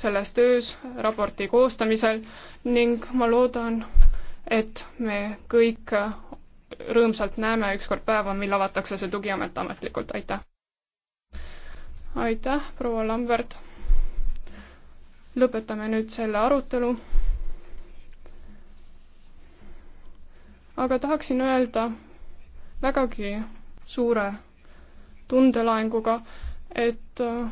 selles töös, raporti koostamisel ning ma loodan, et me kõik rõõmsalt näeme ükskord päeva, mil avatakse see tugiamet ametlikult, aitäh! aitäh, proua Lambert! lõpetame nüüd selle arutelu. aga tahaksin öelda vägagi suure tundelaenguga, et äh,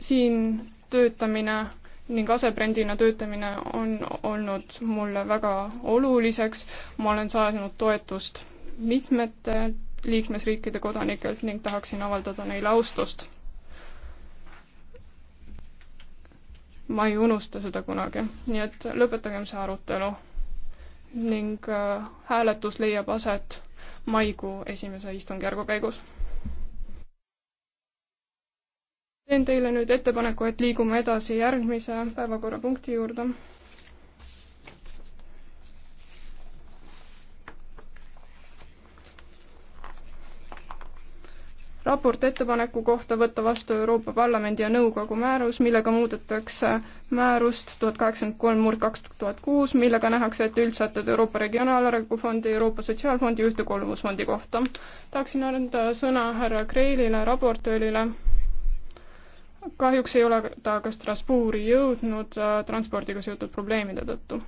siin töötamine ning asebrändina töötamine on olnud mulle väga oluliseks. ma olen saanud toetust mitmete liikmesriikide kodanikelt ning tahaksin avaldada neile austust. ma ei unusta seda kunagi, nii et lõpetagem see arutelu ning äh, hääletus leiab aset maikuu esimese istungjärgu käigus teen teile nüüd ettepaneku, et liigume edasi järgmise päevakorrapunkti juurde. raport ettepaneku kohta võtta vastu Euroopa Parlamendi ja Nõukogu määrus, millega muudetakse määrust tuhat kaheksakümmend kolm murd kaks tuhat kuus, millega nähakse ette üldsätted Euroopa Regionaalarengu Fondi, Euroopa Sotsiaalfondi ja Ühtekuuluvusfondi kohta. tahaksin anda sõna härra Kreilile, raportöörile kahjuks ei ole ta ka Strasbourgi jõudnud äh, transpordiga seotud probleemide tõttu.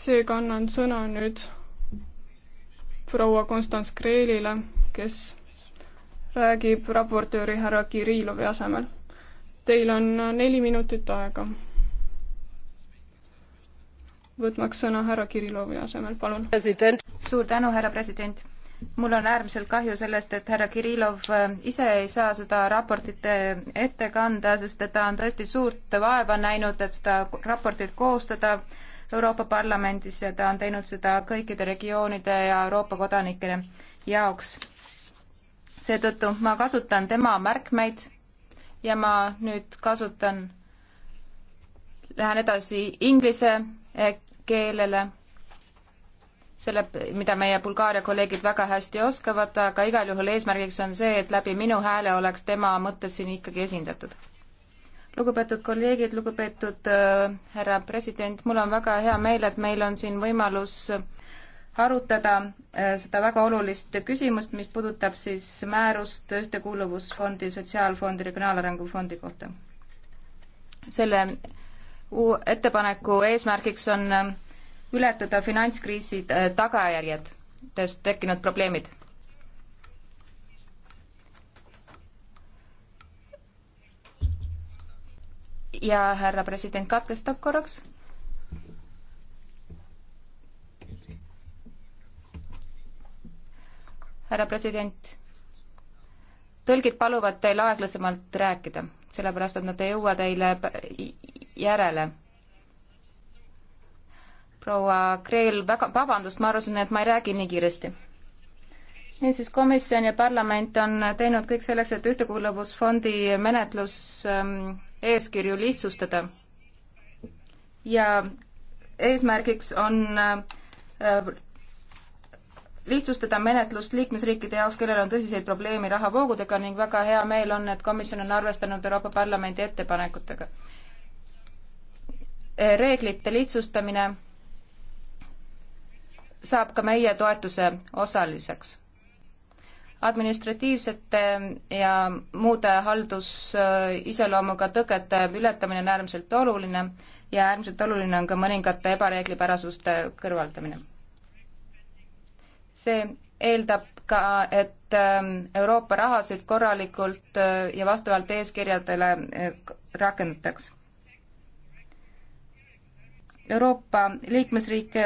seega annan sõna nüüd proua Konstants Kreelile, kes räägib raportööri härra Kirillovi asemel. Teil on äh, neli minutit aega. võtmaks sõna härra Kirillovi asemel, palun. suur tänu, härra president mul on äärmiselt kahju sellest, et härra Kirillov äh, ise ei saa seda raportit äh, ette kanda, sest et ta on tõesti suurt vaeva näinud, et seda raportit koostada Euroopa Parlamendis ja ta on teinud seda kõikide regioonide ja Euroopa kodanike jaoks. seetõttu ma kasutan tema märkmeid ja ma nüüd kasutan, lähen edasi inglise keelele selle, mida meie Bulgaaria kolleegid väga hästi oskavad, aga igal juhul eesmärgiks on see, et läbi minu hääle oleks tema mõtted siin ikkagi esindatud. lugupeetud kolleegid, lugupeetud äh, härra president, mul on väga hea meel, et meil on siin võimalus arutada äh, seda väga olulist küsimust, mis puudutab siis määrust Ühtekuuluvusfondi, Sotsiaalfondi, Regionaalarengu fondi kohta. selle ettepaneku eesmärgiks on äh, ületada finantskriisi äh, tagajärjedest tekkinud probleemid. ja härra president katkestab korraks. härra president, tõlgid paluvad teil aeglasemalt rääkida, sellepärast et nad ei jõua teile järele proua Kreel, väga, vabandust, ma arvasin, et ma ei räägi nii kiiresti. niisiis, komisjon ja parlament on teinud kõik selleks, et Ühtekuuluvusfondi menetlus ähm, eeskirju lihtsustada. ja eesmärgiks on äh, lihtsustada menetlust liikmesriikide jaoks, kellel on tõsiseid probleeme rahavoogudega ning väga hea meel on, et komisjon on arvestanud Euroopa Parlamendi ettepanekutega. reeglite lihtsustamine saab ka meie toetuse osaliseks. administratiivsete ja muude haldusiseloomuga tõkete ületamine on äärmiselt oluline ja äärmiselt oluline on ka mõningate ebareeglipärasuste kõrvaldamine. see eeldab ka, et ähm, Euroopa rahasid korralikult äh, ja vastavalt eeskirjadele äh, rakendataks. Euroopa liikmesriike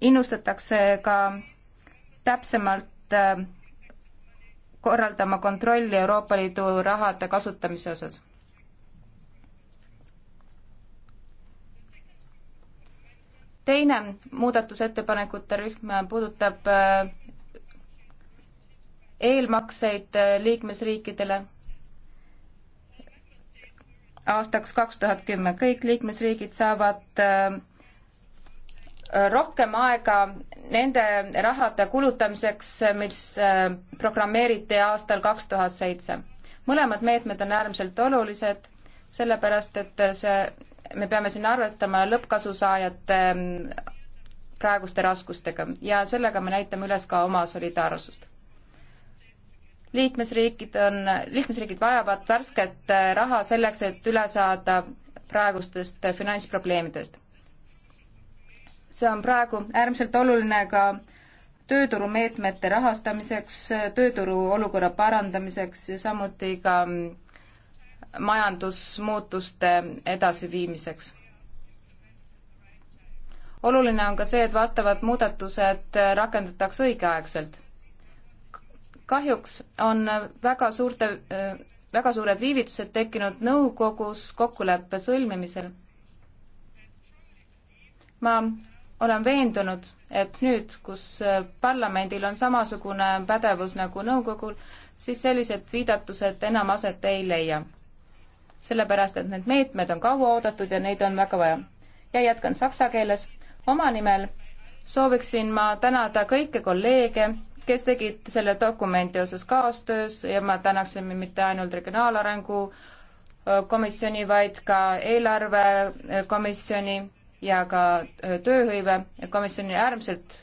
innustatakse ka täpsemalt äh, korraldama kontrolli Euroopa Liidu rahade kasutamise osas. teine muudatusettepanekute rühm puudutab äh, eelmakseid äh, liikmesriikidele aastaks kaks tuhat kümme. kõik liikmesriigid saavad Äh, rohkem aega nende rahade kulutamiseks, mis äh, programmeeriti aastal kaks tuhat seitse. mõlemad meetmed on äärmiselt olulised, sellepärast et see, me peame siin arvetama lõppkasusaajate ähm, praeguste raskustega ja sellega me näitame üles ka oma solidaarsust. liikmesriigid on, liikmesriigid vajavad värsket äh, raha selleks, et üle saada praegustest finantsprobleemidest see on praegu äärmiselt oluline ka tööturumeetmete rahastamiseks, tööturu olukorra parandamiseks ja samuti ka majandusmuutuste edasiviimiseks. oluline on ka see, et vastavad muudatused rakendatakse õigeaegselt. kahjuks on väga suurte, väga suured viivitused tekkinud nõukogus kokkuleppe sõlmimisel ma olen veendunud, et nüüd, kus äh, parlamendil on samasugune pädevus nagu nõukogul, siis sellised viidatused enam aset ei leia. sellepärast, et need meetmed on kaua oodatud ja neid on väga vaja. ja jätkan saksa keeles. oma nimel sooviksin ma tänada kõiki kolleege, kes tegid selle dokumendi osas kaastöös ja ma tänaksin mitte ainult regionaalarengu äh, komisjoni, vaid ka eelarvekomisjoni ja ka tööhõive komisjoni äärmiselt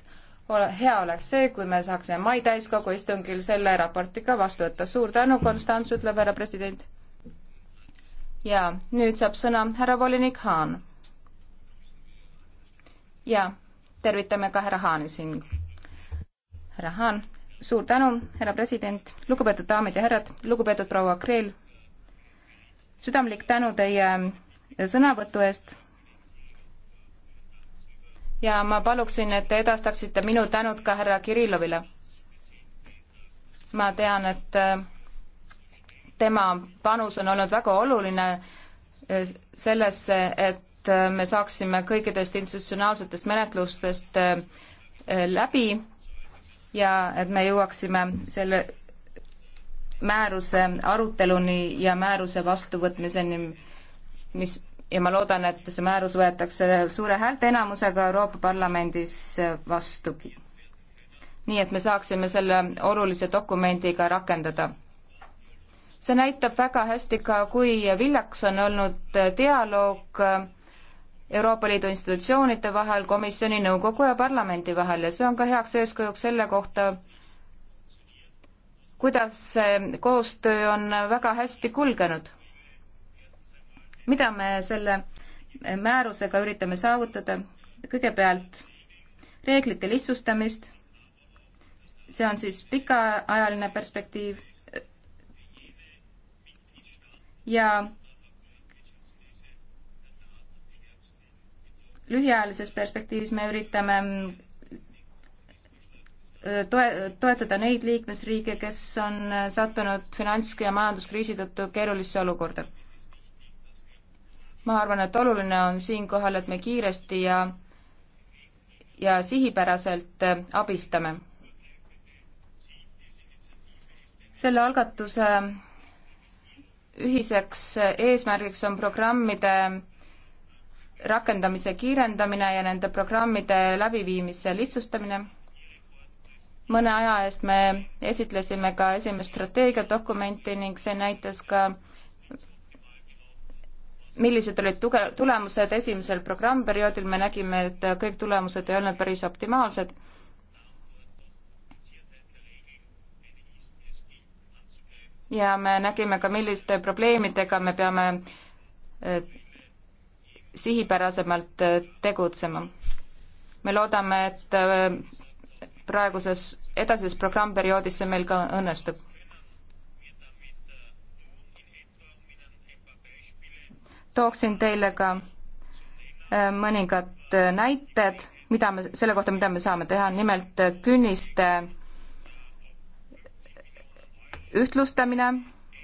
ole, hea oleks see, kui me saaksime mai täiskogu istungil selle raporti ka vastu võtta. suur tänu, Konstants, ütleb härra president. ja nüüd saab sõna härra volinik Haan. ja tervitame ka härra Haani siin. härra Haan, suur tänu, härra president, lugupeetud daamid ja härrad, lugupeetud proua Kreel. südamlik tänu teie sõnavõtu eest ja ma paluksin, et te edastaksite minu tänud ka härra Kirillovile. ma tean, et äh, tema panus on olnud väga oluline äh, sellesse, et äh, me saaksime kõikidest institutsionaalsetest menetlustest läbi ja et me jõuaksime selle määruse aruteluni ja määruse vastuvõtmiseni, mis ja ma loodan, et see määrus võetakse suure häälteenamusega Euroopa Parlamendis vastu. nii et me saaksime selle olulise dokumendiga rakendada. see näitab väga hästi ka, kui viljaks on olnud dialoog Euroopa Liidu institutsioonide vahel, komisjoni, nõukogu ja parlamendi vahel ja see on ka heaks eeskujuks selle kohta, kuidas see koostöö on väga hästi kulgenud mida me selle määrusega üritame saavutada? kõigepealt reeglite lihtsustamist, see on siis pikaajaline perspektiiv ja lühiajalises perspektiivis me üritame toe-, toetada neid liikmesriike, kes on äh, sattunud finants- ja majanduskriisi tõttu keerulisse olukorda ma arvan, et oluline on siinkohal, et me kiiresti ja, ja sihipäraselt äh, abistame. selle algatuse ühiseks äh, eesmärgiks on programmide rakendamise kiirendamine ja nende programmide läbiviimise lihtsustamine. mõne aja eest me esitlesime ka esimest strateegiadokumenti ning see näitas ka millised olid tuge-, tulemused esimesel programmperioodil, me nägime, et kõik tulemused ei olnud päris optimaalsed. ja me nägime ka, milliste probleemidega me peame eh, sihipärasemalt eh, tegutsema. me loodame, et eh, praeguses, edasises programmperioodis see meil ka õnnestub tooksin teile ka äh, mõningad äh, näited, mida me, selle kohta, mida me saame teha, nimelt äh, künniste ühtlustamine,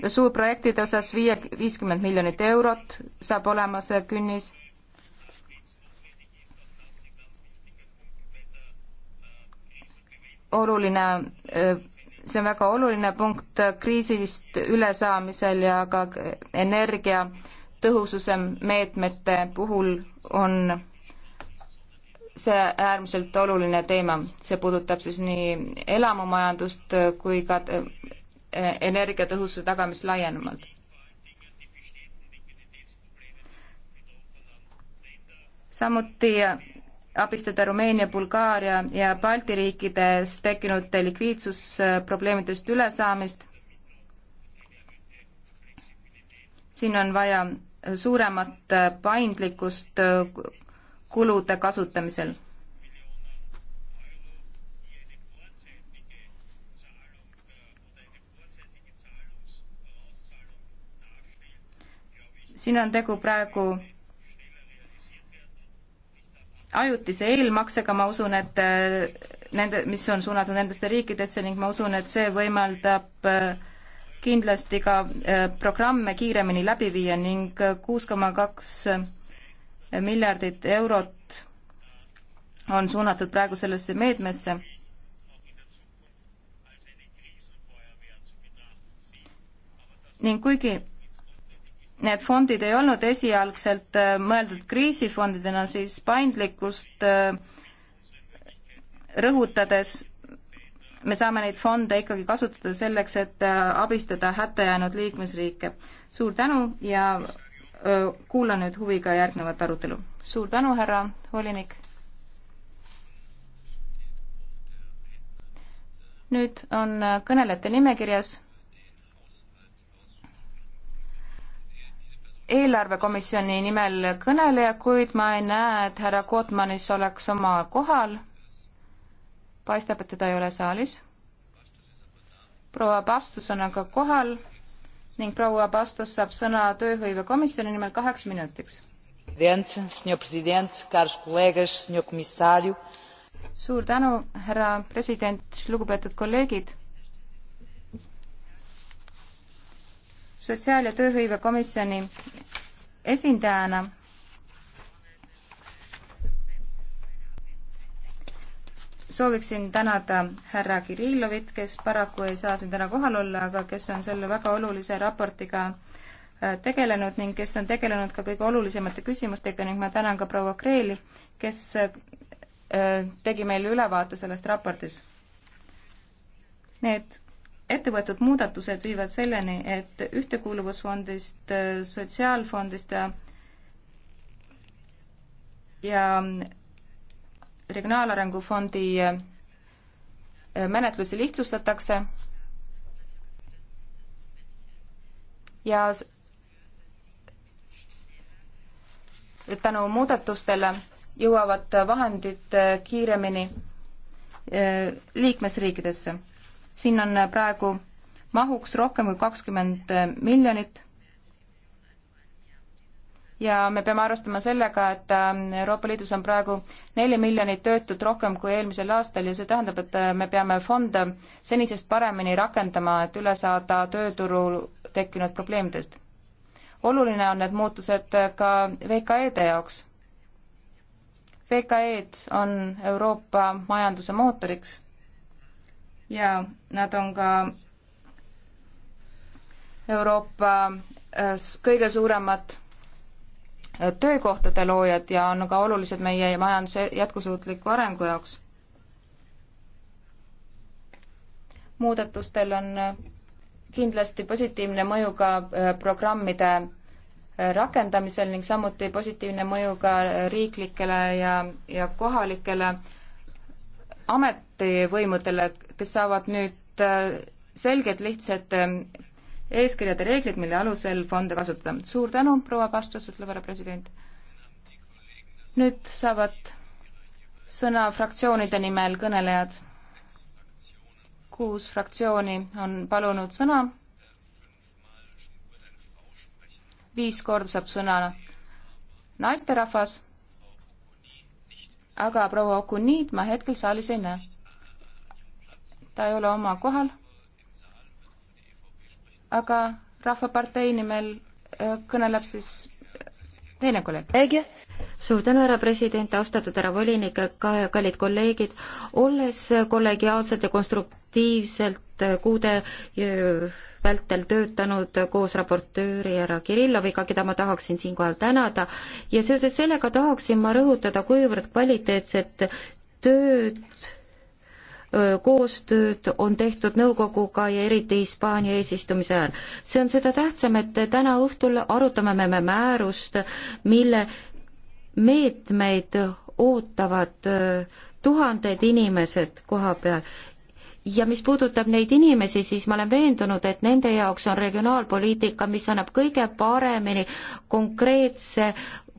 suurprojektide osas viie, viiskümmend miljonit eurot saab olema see künnis. oluline, see on väga oluline punkt kriisist ülesaamisel ja ka energia äh, tõhususe meetmete puhul on see äärmiselt oluline teema, see puudutab siis nii elamumajandust kui ka eh, energiatõhususe tagamist laiemalt. samuti abistada Rumeenia, Bulgaaria ja Balti riikides tekkinud likviidsusprobleemidest ülesaamist. siin on vaja suuremat äh, paindlikkust äh, kulude kasutamisel. siin on tegu praegu ajutise eelmaksega, ma usun, et äh, nende, mis on suunatud nendesse riikidesse ning ma usun, et see võimaldab äh, kindlasti ka äh, programme kiiremini läbi viia ning kuus koma kaks miljardit eurot on suunatud praegu sellesse meetmesse. ning kuigi need fondid ei olnud esialgselt äh, mõeldud kriisifondidena, siis paindlikkust äh, rõhutades me saame neid fonde ikkagi kasutada selleks, et äh, abistada hätta jäänud liikmesriike. suur tänu ja öö, kuulan nüüd huviga järgnevat arutelu. suur tänu, härra volinik. nüüd on äh, kõnelejate nimekirjas eelarvekomisjoni nimel kõneleja, kuid ma ei näe, et härra Kootmanis oleks oma kohal paistab, et teda ei ole saalis. proua Pastus on aga kohal ning proua Pastus saab sõna tööhõivekomisjoni nimel kaheks minutiks. suur tänu, härra president, lugupeetud kolleegid sotsiaal- ja tööhõivekomisjoni esindajana sooviksin tänada härra Kirillovit, kes paraku ei saa siin täna kohal olla, aga kes on selle väga olulise raportiga äh, tegelenud ning kes on tegelenud ka kõige olulisemate küsimustega ning ma tänan ka proua Kreeli, kes äh, tegi meile ülevaate sellest raportis. Need ettevõetud muudatused viivad selleni, et ühtekuuluvusfondist, äh, sotsiaalfondist ja ja Regionaalarengu Fondi eh, menetlusi lihtsustatakse ja tänu muudatustele jõuavad vahendid eh, kiiremini eh, liikmesriikidesse. siin on praegu mahuks rohkem kui kakskümmend miljonit ja me peame arvestama sellega, et ähm, Euroopa Liidus on praegu neli miljonit töötut rohkem kui eelmisel aastal ja see tähendab, et äh, me peame fonde senisest paremini rakendama, et üle saada tööturul tekkinud probleemidest. oluline on need muutused äh, ka VKE-de jaoks. VKE-d on Euroopa majanduse mootoriks ja nad on ka Euroopa äh, kõige suuremad töökohtade loojad ja on ka olulised meie majanduse jätkusuutliku arengu jaoks. muudatustel on kindlasti positiivne mõju ka äh, programmide äh, rakendamisel ning samuti positiivne mõju ka riiklikele ja, ja kohalikele ametivõimudele, kes saavad nüüd äh, selged lihtsad eeskirjad ja reeglid, mille alusel fonde kasutada. suur tänu, proua Pastus, ütleb härra president. nüüd saavad sõna fraktsioonide nimel kõnelejad. kuus fraktsiooni on palunud sõna. viis korda saab sõna naisterahvas, aga proua Okunid ma hetkel saalis ei näe. ta ei ole oma kohal aga Rahvapartei nimel äh, kõneleb siis äh, teine kolleeg. suur tänu, härra president, austatud härra volinik, ka kallid kolleegid, olles kollegiaalselt ja konstruktiivselt äh, kuude vältel töötanud koos raportööri härra Kirilloviga, keda ma tahaksin siinkohal tänada, ja seoses sellega tahaksin ma rõhutada, kuivõrd kvaliteetset tööd koostööd on tehtud nõukoguga ja eriti Hispaania eesistumise ajal. see on seda tähtsam, et täna õhtul arutame me määrust, mille meetmeid ootavad tuhanded inimesed koha peal ja mis puudutab neid inimesi, siis ma olen veendunud, et nende jaoks on regionaalpoliitika, mis annab kõige paremini konkreetse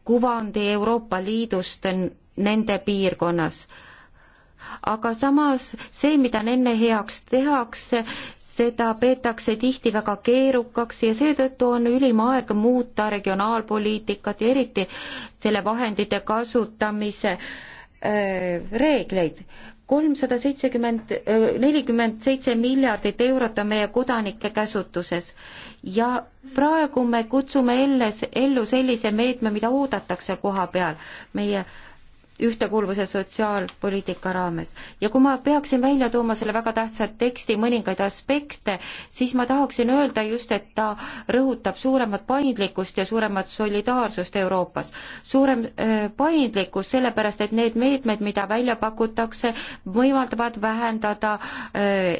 kuvandi Euroopa Liidust nende piirkonnas aga samas see, mida nende heaks tehakse, seda peetakse tihti väga keerukaks ja seetõttu on ülim aeg muuta regionaalpoliitikat ja eriti selle vahendite kasutamise äh, reegleid. kolmsada seitsekümmend, äh, nelikümmend seitse miljardit eurot on meie kodanike käsutuses ja praegu me kutsume elles, ellu sellise meetme, mida oodatakse koha peal. meie ühtekuuluvuse sotsiaalpoliitika raames. ja kui ma peaksin välja tooma selle väga tähtsa teksti mõningaid aspekte, siis ma tahaksin öelda just, et ta rõhutab suuremat paindlikkust ja suuremat solidaarsust Euroopas. suurem paindlikkus sellepärast, et need meetmed, mida välja pakutakse, võimaldavad vähendada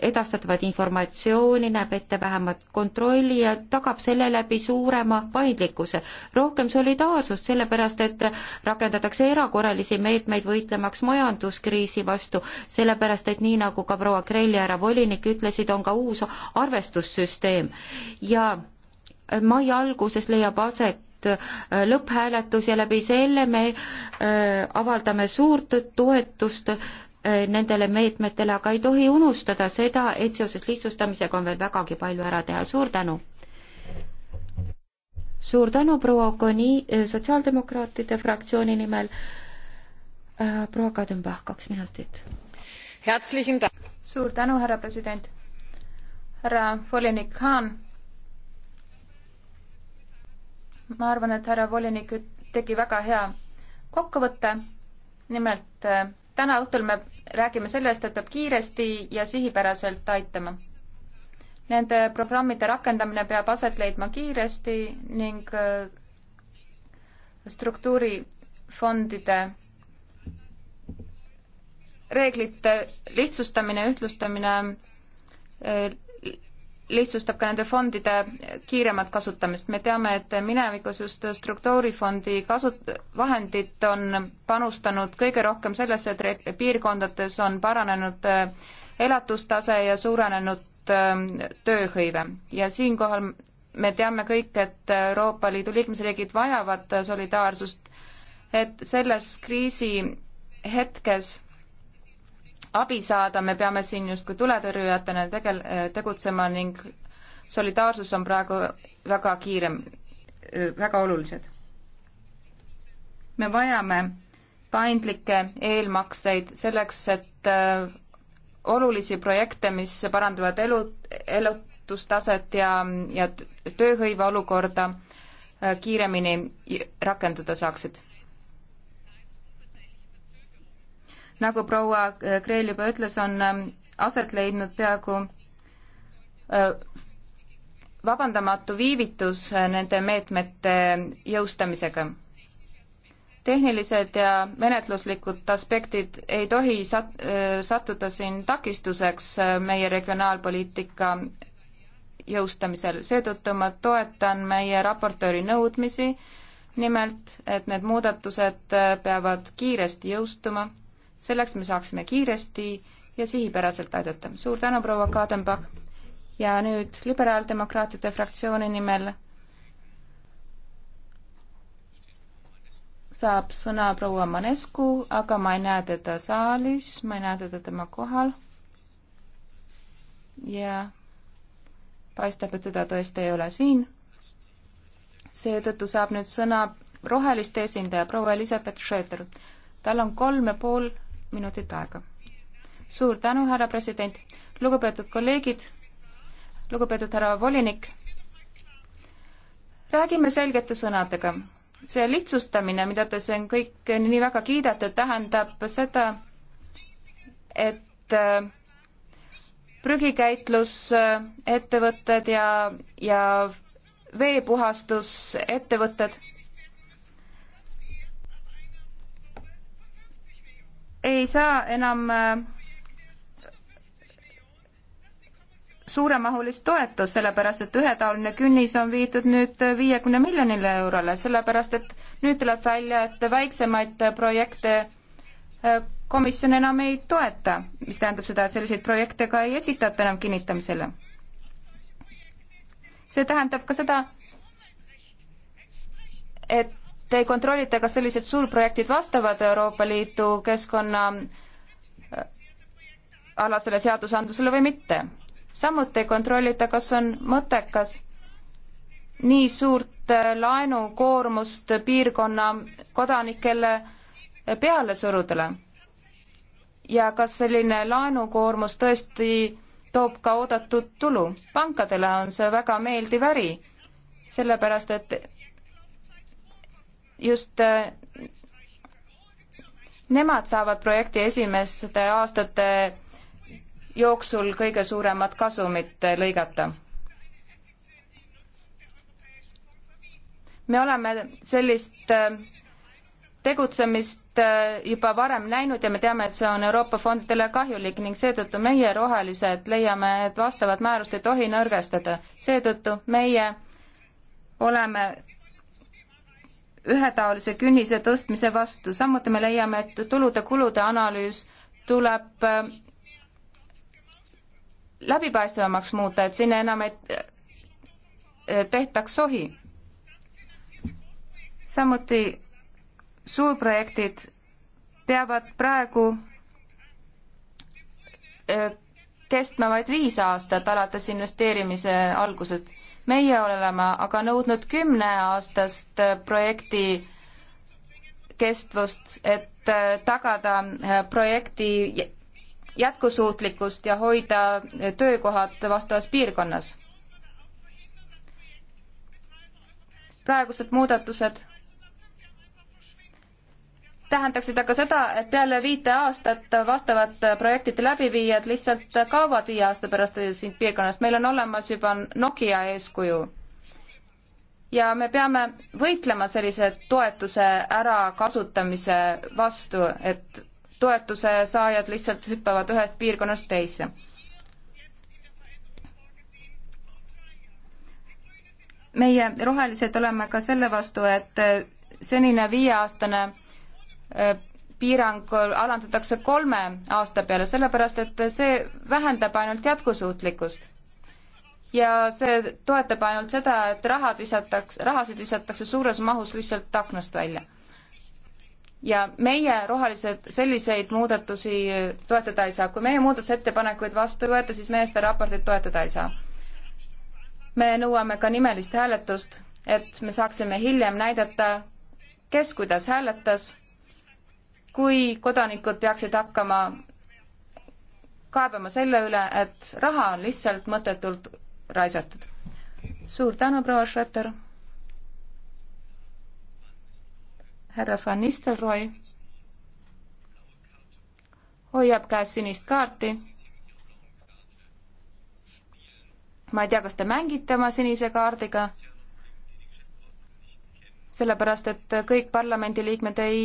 edastatavat informatsiooni, näeb ette vähemat kontrolli ja tagab selle läbi suurema paindlikkuse. rohkem solidaarsust, sellepärast et rakendatakse erakorralisi meetmeid, meetmeid võitlemaks majanduskriisi vastu, sellepärast et nii, nagu ka proua Krelli härra volinik ütlesid, on ka uus arvestussüsteem ja mai alguses leiab aset äh, lõpphääletus ja läbi selle me äh, avaldame suurt toetust äh, nendele meetmetele, aga ei tohi unustada seda, et seoses lihtsustamisega on veel vägagi palju ära teha, suur tänu! suur tänu, proua Okoni, sotsiaaldemokraatide fraktsiooni nimel Äh, proua Kadenbach, kaks minutit. suur tänu, härra president. härra volinik Haan. ma arvan, et härra volinik tegi väga hea kokkuvõtte. nimelt äh, täna õhtul me räägime sellest, et peab kiiresti ja sihipäraselt aitama. Nende programmide rakendamine peab aset leidma kiiresti ning äh, struktuurifondide reeglite lihtsustamine, ühtlustamine eh, lihtsustab ka nende fondide kiiremat kasutamist. me teame, et minevikus just struktuurifondi kasut-, vahendid on panustanud kõige rohkem sellesse, et piirkondades on paranenud eh, elatustase ja suurenenud eh, tööhõive ja siinkohal me teame kõik, et Euroopa Liidu liikmesriigid vajavad solidaarsust, et selles kriisi hetkes abi saada, me peame siin justkui tuletõrjujatena tegel-, tegutsema ning solidaarsus on praegu väga kiirem, väga olulised. me vajame paindlikke eelmakseid selleks, et äh, olulisi projekte, mis parandavad elu, elutustaset ja, ja tööhõive olukorda, äh, kiiremini rakendada saaksid nagu proua äh, Kreel juba ütles, on ähm, aset leidnud peaaegu äh, vabandamatu viivitus äh, nende meetmete jõustamisega. tehnilised ja menetluslikud aspektid ei tohi sat-, sattuda siin takistuseks meie regionaalpoliitika jõustamisel, seetõttu ma toetan meie raportööri nõudmisi, nimelt, et need muudatused peavad kiiresti jõustuma selleks me saaksime kiiresti ja sihipäraselt aidata. suur tänu, proua Kadenbach! ja nüüd liberaaldemokraatide fraktsiooni nimel saab sõna proua Manescu, aga ma ei näe teda saalis, ma ei näe teda tema kohal. ja paistab, et teda tõesti ei ole siin. seetõttu saab nüüd sõna roheliste esindaja proua Elizabeth Schröder. tal on kolm ja pool minutit aega. suur tänu, härra president, lugupeetud kolleegid, lugupeetud härra volinik. räägime selgete sõnadega. see lihtsustamine, mida te siin kõik nii väga kiidate, tähendab seda, et äh, prügikäitlusettevõtted äh, ja, ja veepuhastusettevõtted ei saa enam äh, suuremahulist toetust, sellepärast et ühetaoline künnis on viidud nüüd viiekümne miljonile eurole, sellepärast et nüüd tuleb välja, et väiksemaid projekte äh, komisjon enam ei toeta, mis tähendab seda, et selliseid projekte ka ei esitata enam kinnitamisele. see tähendab ka seda, et te kontrollite, kas sellised suurprojektid vastavad Euroopa Liidu keskkonna äh, alasele seadusandlusele või mitte. samuti kontrollite, kas on mõttekas nii suurt äh, laenukoormust piirkonna kodanikele äh, peale surudele ja kas selline laenukoormus tõesti toob ka oodatud tulu. pankadele on see väga meeldiv äri, sellepärast et just äh, nemad saavad projekti esimeste aastate jooksul kõige suuremat kasumit lõigata. me oleme sellist äh, tegutsemist äh, juba varem näinud ja me teame, et see on Euroopa fondidele kahjulik ning seetõttu meie rohelised leiame, et vastavat määrust ei tohi nõrgestada. seetõttu meie oleme ühetaolise künnise tõstmise vastu. samuti me leiame, et tulude-kulude analüüs tuleb äh, läbipaistvamaks muuta, et sinna enam ei äh, tehtaks sohi. samuti suurprojektid peavad praegu äh, kestma vaid viis aastat alates investeerimise algusest meie oleme aga nõudnud kümneaastast äh, projekti kestvust, et äh, tagada äh, projekti jätkusuutlikkust ja hoida töökohad vastavas piirkonnas. praegused muudatused tähendaks seda ka seda, et peale viite aastat vastavad projektid läbiviijad lihtsalt kaovad viie aasta pärast siit piirkonnast. meil on olemas juba Nokia eeskuju. ja me peame võitlema sellise toetuse ärakasutamise vastu, et toetuse saajad lihtsalt hüppavad ühest piirkonnast teise. meie rohelised oleme ka selle vastu, et senine viieaastane Äh, piirang alandatakse kolme aasta peale, sellepärast et see vähendab ainult jätkusuutlikkust. ja see toetab ainult seda, et rahad visatakse, rahasid visatakse suures mahus lihtsalt aknast välja. ja meie, rohelised, selliseid muudatusi toetada ei saa. kui meie muudatusettepanekuid vastu ei võeta, siis meie seda raportit toetada ei saa. me nõuame ka nimelist hääletust, et me saaksime hiljem näidata, kes kuidas hääletas kui kodanikud peaksid hakkama kaebama selle üle, et raha on lihtsalt mõttetult raisatud. suur tänu, proua Schröter. härra Van Nistelrooy hoiab käes sinist kaarti. ma ei tea, kas te mängite oma sinise kaardiga sellepärast et kõik parlamendiliikmed ei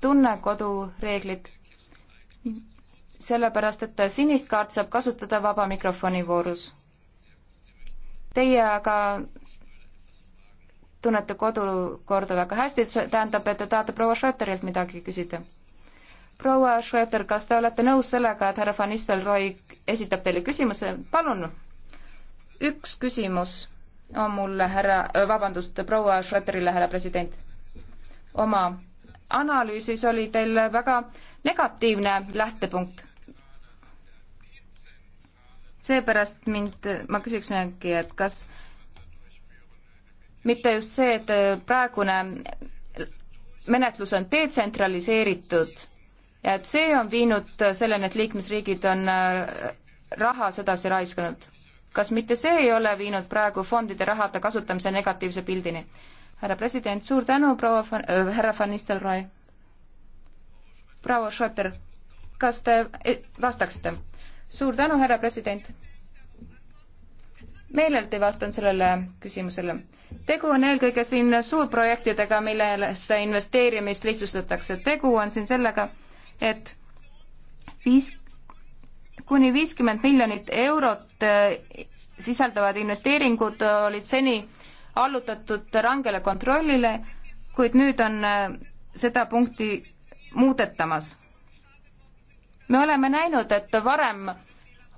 tunne kodureeglit. sellepärast, et sinist kaart saab kasutada vaba mikrofoni voorus. Teie aga tunnete kodukorda väga hästi, tähendab, et te tahate proua Schröterilt midagi küsida. proua Schröter, kas te olete nõus sellega, et härra Van Nistelrooy esitab teile küsimuse? palun, üks küsimus on mul härra, äh, vabandust, proua Schröterile, härra president. oma analüüsis oli teil väga negatiivne lähtepunkt. seepärast mind, ma küsiksin äkki, et kas mitte just see, et praegune menetlus on detsentraliseeritud ja et see on viinud selleni, et liikmesriigid on äh, rahas edasi raiskanud kas mitte see ei ole viinud praegu fondide rahade kasutamise negatiivse pildini? härra president, suur tänu, proua Van äh,, härra Van Nistelrooy. proua Schotter, kas te eh, vastaksite? suur tänu, härra president. meeleldi vastan sellele küsimusele. tegu on eelkõige siin suurprojektidega, millesse investeerimist lihtsustatakse. tegu on siin sellega, et viis kuni viiskümmend miljonit eurot eh, sisaldavad investeeringud eh, olid seni allutatud rangele kontrollile, kuid nüüd on eh, seda punkti muudetamas. me oleme näinud, et varem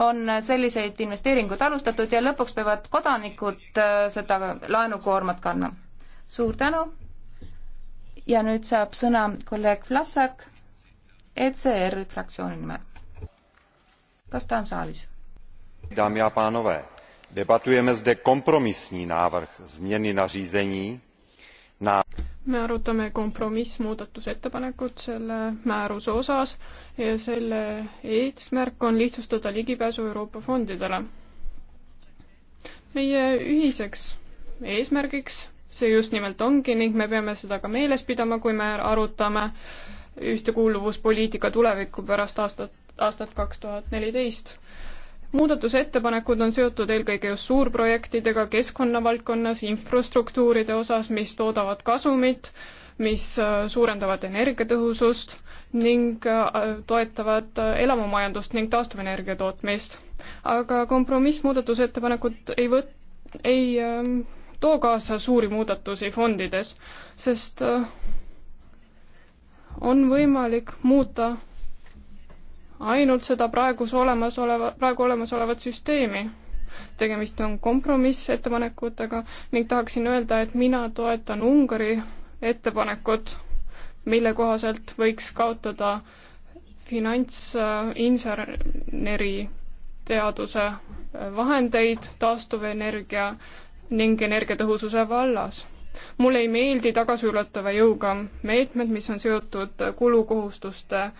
on selliseid investeeringuid alustatud ja lõpuks peavad kodanikud seda laenukoormat kandma. suur tänu ja nüüd saab sõna kolleeg Vlasak ECR fraktsiooni nimel kas ta on saalis? dámy a pánové debatujeme zde kompromisní návrh změny nařízení na me arutame kompromissmuudatusettepanekut selle määruse osas ja selle eesmärk on lihtsustada ligipääsu Euroopa fondidele. meie ühiseks eesmärgiks see just nimelt ongi ning me peame seda ka meeles pidama, kui me arutame ühtekuuluvuspoliitika tulevikku pärast aastat aastat kaks tuhat neliteist. muudatusettepanekud on seotud eelkõige just suurprojektidega keskkonnavaldkonnas, infrastruktuuride osas, mis toodavad kasumit, mis äh, suurendavad energiatõhusust ning äh, toetavad äh, elamumajandust ning taastuvenergia tootmist. aga kompromissmuudatusettepanekud ei võt-, ei ähm, too kaasa suuri muudatusi fondides, sest on võimalik muuta ainult seda praegus olemasoleva, praegu olemasolevat süsteemi. tegemist on kompromissettepanekutega ning tahaksin öelda, et mina toetan Ungari ettepanekut, mille kohaselt võiks kaotada finantsinseneri teaduse vahendeid taastuvenergia ning energiatõhususe vallas. mulle ei meeldi tagasiulatuva jõuga meetmed, mis on seotud kulukohustuste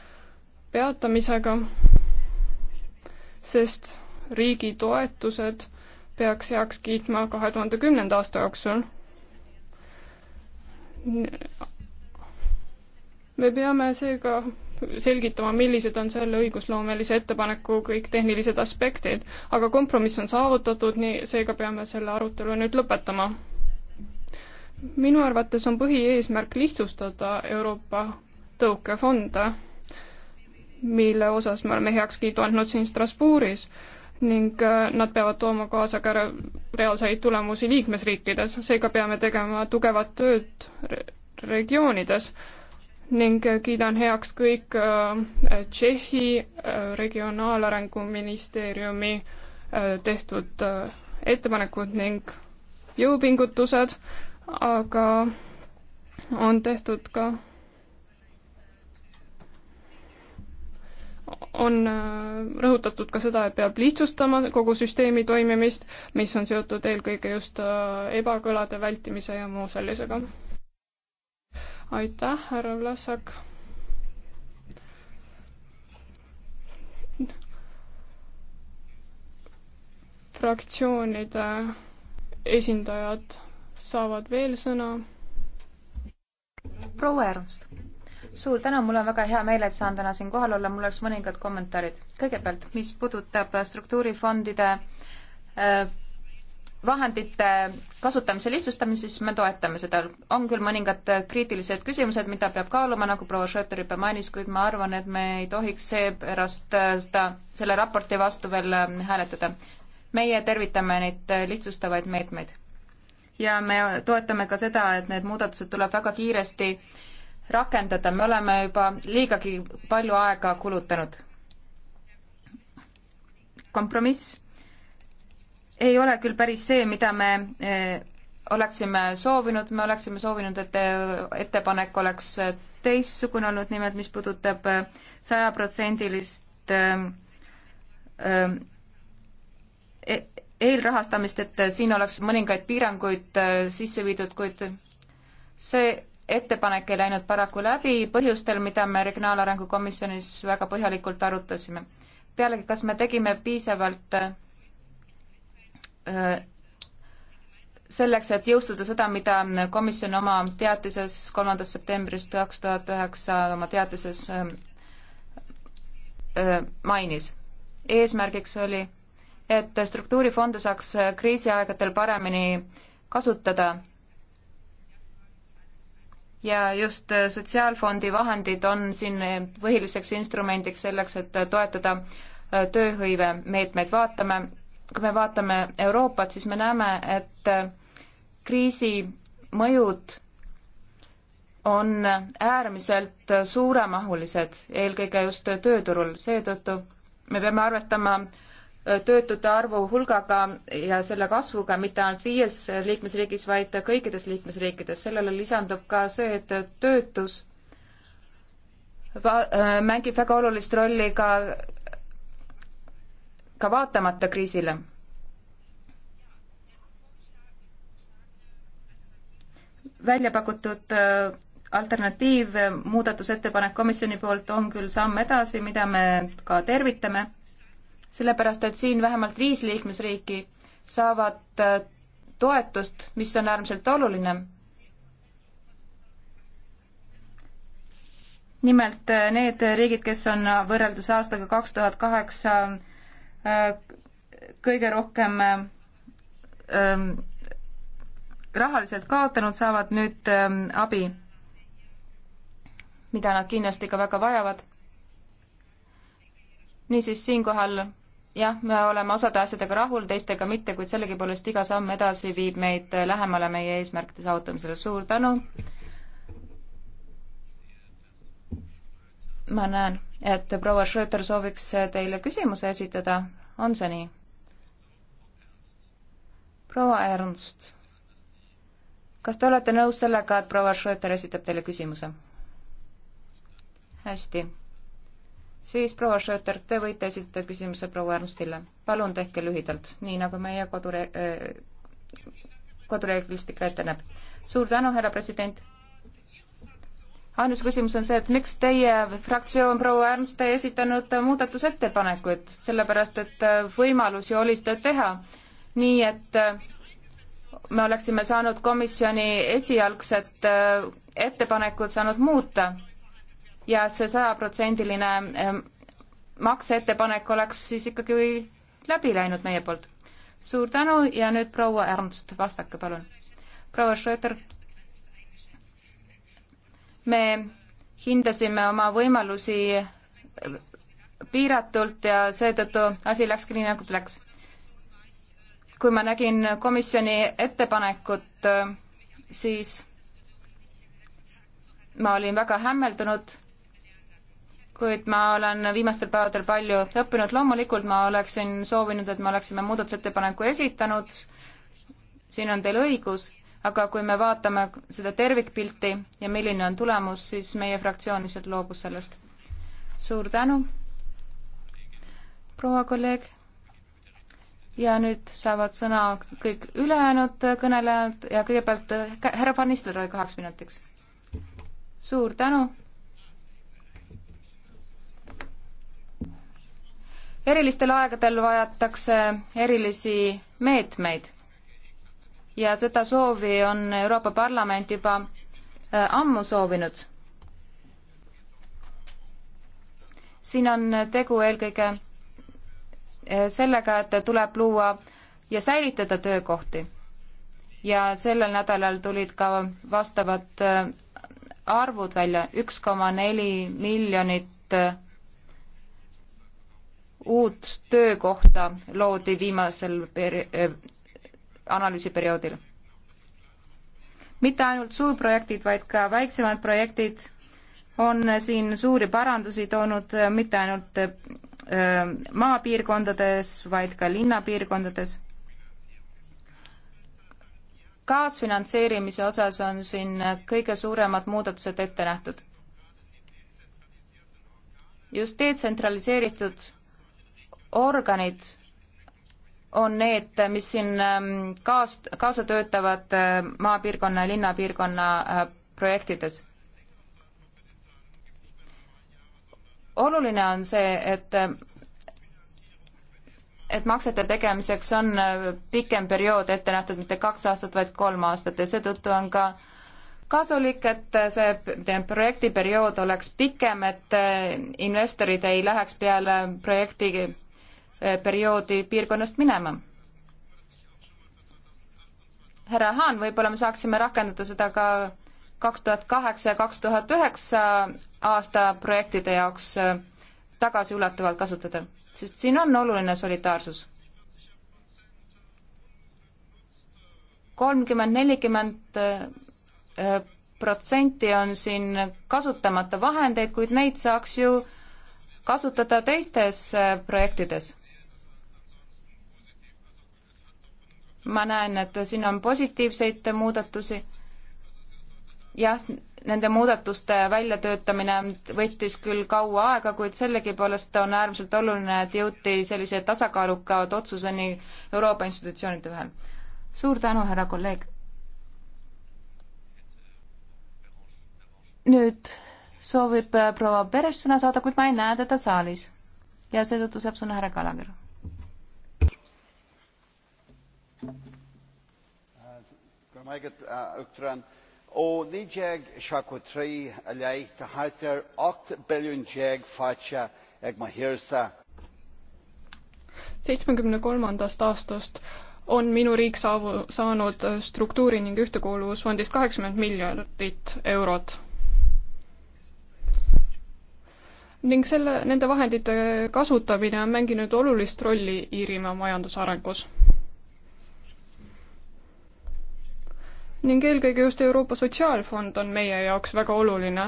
peatamisega, sest riigi toetused peaks heaks kiitma kahe tuhande kümnenda aasta jooksul. me peame seega selgitama, millised on selle õigusloomelise ettepaneku kõik tehnilised aspektid, aga kompromiss on saavutatud, nii seega peame selle arutelu nüüd lõpetama. minu arvates on põhieesmärk lihtsustada Euroopa tõukefonde mille osas me oleme heakskiidu andnud siin Strasbourgis ning äh, nad peavad tooma kaasa ka reaalseid tulemusi liikmesriikides, seega peame tegema tugevat tööd regioonides ning äh, kiidan heaks kõik äh, Tšehhi regionaalarengu ministeeriumi tehtud ettepanekud ning jõupingutused, aga on tehtud ka on äh, rõhutatud ka seda, et peab lihtsustama kogu süsteemi toimimist, mis on seotud eelkõige just äh, ebakõlade vältimise ja muu sellisega. aitäh, härra Vlasak. fraktsioonide esindajad saavad veel sõna. proua Ernst suur tänu, mul on väga hea meel, et saan täna siin kohal olla, mul oleks mõningad kommentaarid. kõigepealt, mis puudutab äh, struktuurifondide äh, vahendite kasutamise lihtsustamist, siis me toetame seda. on küll mõningad äh, kriitilised küsimused, mida peab kaaluma, nagu proua Schröter juba mainis, kuid ma arvan, et me ei tohiks seepärast seda, selle raporti vastu veel hääletada. meie tervitame neid lihtsustavaid meetmeid. ja me toetame ka seda, et need muudatused tuleb väga kiiresti äh, rakendada, me oleme juba liigagi palju aega kulutanud. kompromiss ei ole küll päris see, mida me eh, oleksime soovinud, me oleksime soovinud, et eh, ettepanek oleks eh, teistsugune olnud, nimelt mis puudutab sajaprotsendilist e-, eelrahastamist, et siin oleks mõningaid piiranguid sisse viidud, kuid see ettepanek ei läinud paraku läbi põhjustel, mida me Regionaalarengu komisjonis väga põhjalikult arutasime. pealegi, kas me tegime piisavalt äh, selleks, et jõustuda seda, mida komisjon oma teatises kolmandast septembrist kaks tuhat üheksa oma teatises äh, äh, mainis. eesmärgiks oli, et struktuurifonde saaks kriisiaegadel paremini kasutada ja just äh, Sotsiaalfondi vahendid on siin äh, põhiliseks instrumendiks selleks, et äh, toetada tööhõivemeetmeid. vaatame, kui me vaatame Euroopat, siis me näeme, et kriisi mõjud on äärmiselt suuremahulised, eelkõige just tööturul, seetõttu me peame arvestama äh, töötute arvu hulgaga ja selle kasvuga mitte ainult viies liikmesriigis, vaid kõikides liikmesriikides. sellele lisandub ka see, et töötus äh, mängib väga olulist rolli ka, ka vaatamata kriisile. välja pakutud äh, alternatiiv, äh, muudatusettepanek komisjoni poolt on küll samm edasi, mida me ka tervitame sellepärast et siin vähemalt viis liikmesriiki saavad äh, toetust, mis on äärmiselt oluline. nimelt äh, need riigid, kes on võrreldes aastaga kaks tuhat kaheksa äh, kõige rohkem ähm, rahaliselt kaotanud, saavad nüüd ähm, abi, mida nad kindlasti ka väga vajavad. niisiis, siinkohal jah, me oleme osade asjadega rahul, teistega mitte, kuid sellegipoolest iga samm edasi viib meid lähemale meie eesmärkide saavutamisele. suur tänu. ma näen, et proua Schröter sooviks teile küsimuse esitada, on see nii? proua Ernst, kas te olete nõus sellega, et proua Schröter esitab teile küsimuse? hästi siis proua Schöter, te võite esitada küsimuse proua Ernstile. palun tehke lühidalt, nii nagu meie kodure- äh,, kodureeglistik ette näeb. suur tänu, härra president. ainus küsimus on see, et miks teie fraktsioon, proua Ernst, ei esitanud muudatusettepanekuid, sellepärast et äh, võimalusi oli seda teha. nii et äh, me oleksime saanud komisjoni esialgset äh, ettepanekut saanud muuta ja see sajaprotsendiline ehm, makseettepanek oleks siis ikkagi läbi läinud meie poolt. suur tänu ja nüüd proua Ernst, vastake palun. proua Schröter, me hindasime oma võimalusi ehm, piiratult ja seetõttu asi läkski nii, nagu ta läks. kui ma nägin komisjoni ettepanekut, ehm, siis ma olin väga hämmeldunud kuid ma olen viimastel päevadel palju õppinud, loomulikult ma oleksin soovinud, et me oleksime muudatusettepaneku esitanud, siin on teil õigus, aga kui me vaatame seda tervikpilti ja milline on tulemus, siis meie fraktsioon lihtsalt loobus sellest. suur tänu, proua kolleeg. ja nüüd saavad sõna kõik ülejäänud kõnelejad ja kõigepealt äh, härra Van Nistelrooy kaheks minutiks. suur tänu erilistel aegadel vajatakse erilisi meetmeid ja seda soovi on Euroopa Parlament juba äh, ammu soovinud. siin on tegu eelkõige äh, sellega, et tuleb luua ja säilitada töökohti. ja sellel nädalal tulid ka vastavad äh, arvud välja, üks koma neli miljonit uut töökohta loodi viimasel peri-, eh, analüüsiperioodil. mitte ainult suurprojektid, vaid ka väiksemad projektid on siin suuri parandusi toonud eh, mitte ainult eh, maapiirkondades, vaid ka linnapiirkondades. kaasfinantseerimise osas on siin kõige suuremad muudatused ette nähtud. just detsentraliseeritud organid on need, mis siin ähm, kaas, kaasa töötavad äh, maapiirkonna ja linnapiirkonna äh, projektides. oluline on see, et äh, et maksete tegemiseks on pikem periood ette nähtud, mitte kaks aastat, vaid kolm aastat ja seetõttu on ka kasulik, et see projektiperiood oleks pikem, et investorid ei läheks peale projekti Eh, perioodi piirkonnast minema. härra Haan, võib-olla me saaksime rakendada seda ka kaks tuhat kaheksa ja kaks tuhat üheksa aasta projektide jaoks eh, tagasiulatuvalt kasutada, sest siin on oluline solidaarsus. kolmkümmend, nelikümmend eh, protsenti on siin kasutamata vahendeid, kuid neid saaks ju kasutada teistes projektides ma näen, et siin on positiivseid muudatusi. jah, nende muudatuste väljatöötamine võttis küll kaua aega, kuid sellegipoolest on äärmiselt oluline, et jõuti sellise tasakaaluka otsuseni Euroopa institutsioonide vahel. suur tänu, härra kolleeg. nüüd soovib proua Peres sõna saada, kuid ma ei näe teda saalis ja seetõttu saab sõna härra Kalager ó níodeag seac go trí a léigh tá háirithe ocht billiún déag fáilte ag mo hiorsa. aastast on minu riik saavu- saanud struktuuri ning ühtekuuluvusfondist kaheksakümmend miljardit eurot ning selle nende vahendite kasutamine on mänginud olulist rolli iirimaa majandusarengus ning eelkõige just Euroopa Sotsiaalfond on meie jaoks väga oluline.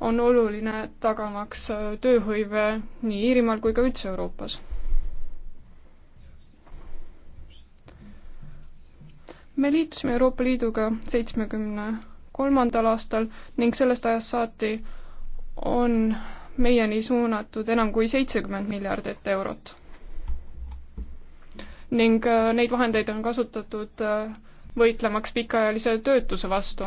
on oluline tagamaks äh, tööhõive nii Iirimaal kui ka üldse Euroopas. me liitusime Euroopa Liiduga seitsmekümne kolmandal aastal ning sellest ajast saati on meieni suunatud enam kui seitsekümmend miljardit eurot. ning äh, neid vahendeid on kasutatud äh, võitlemaks pikaajalise töötuse vastu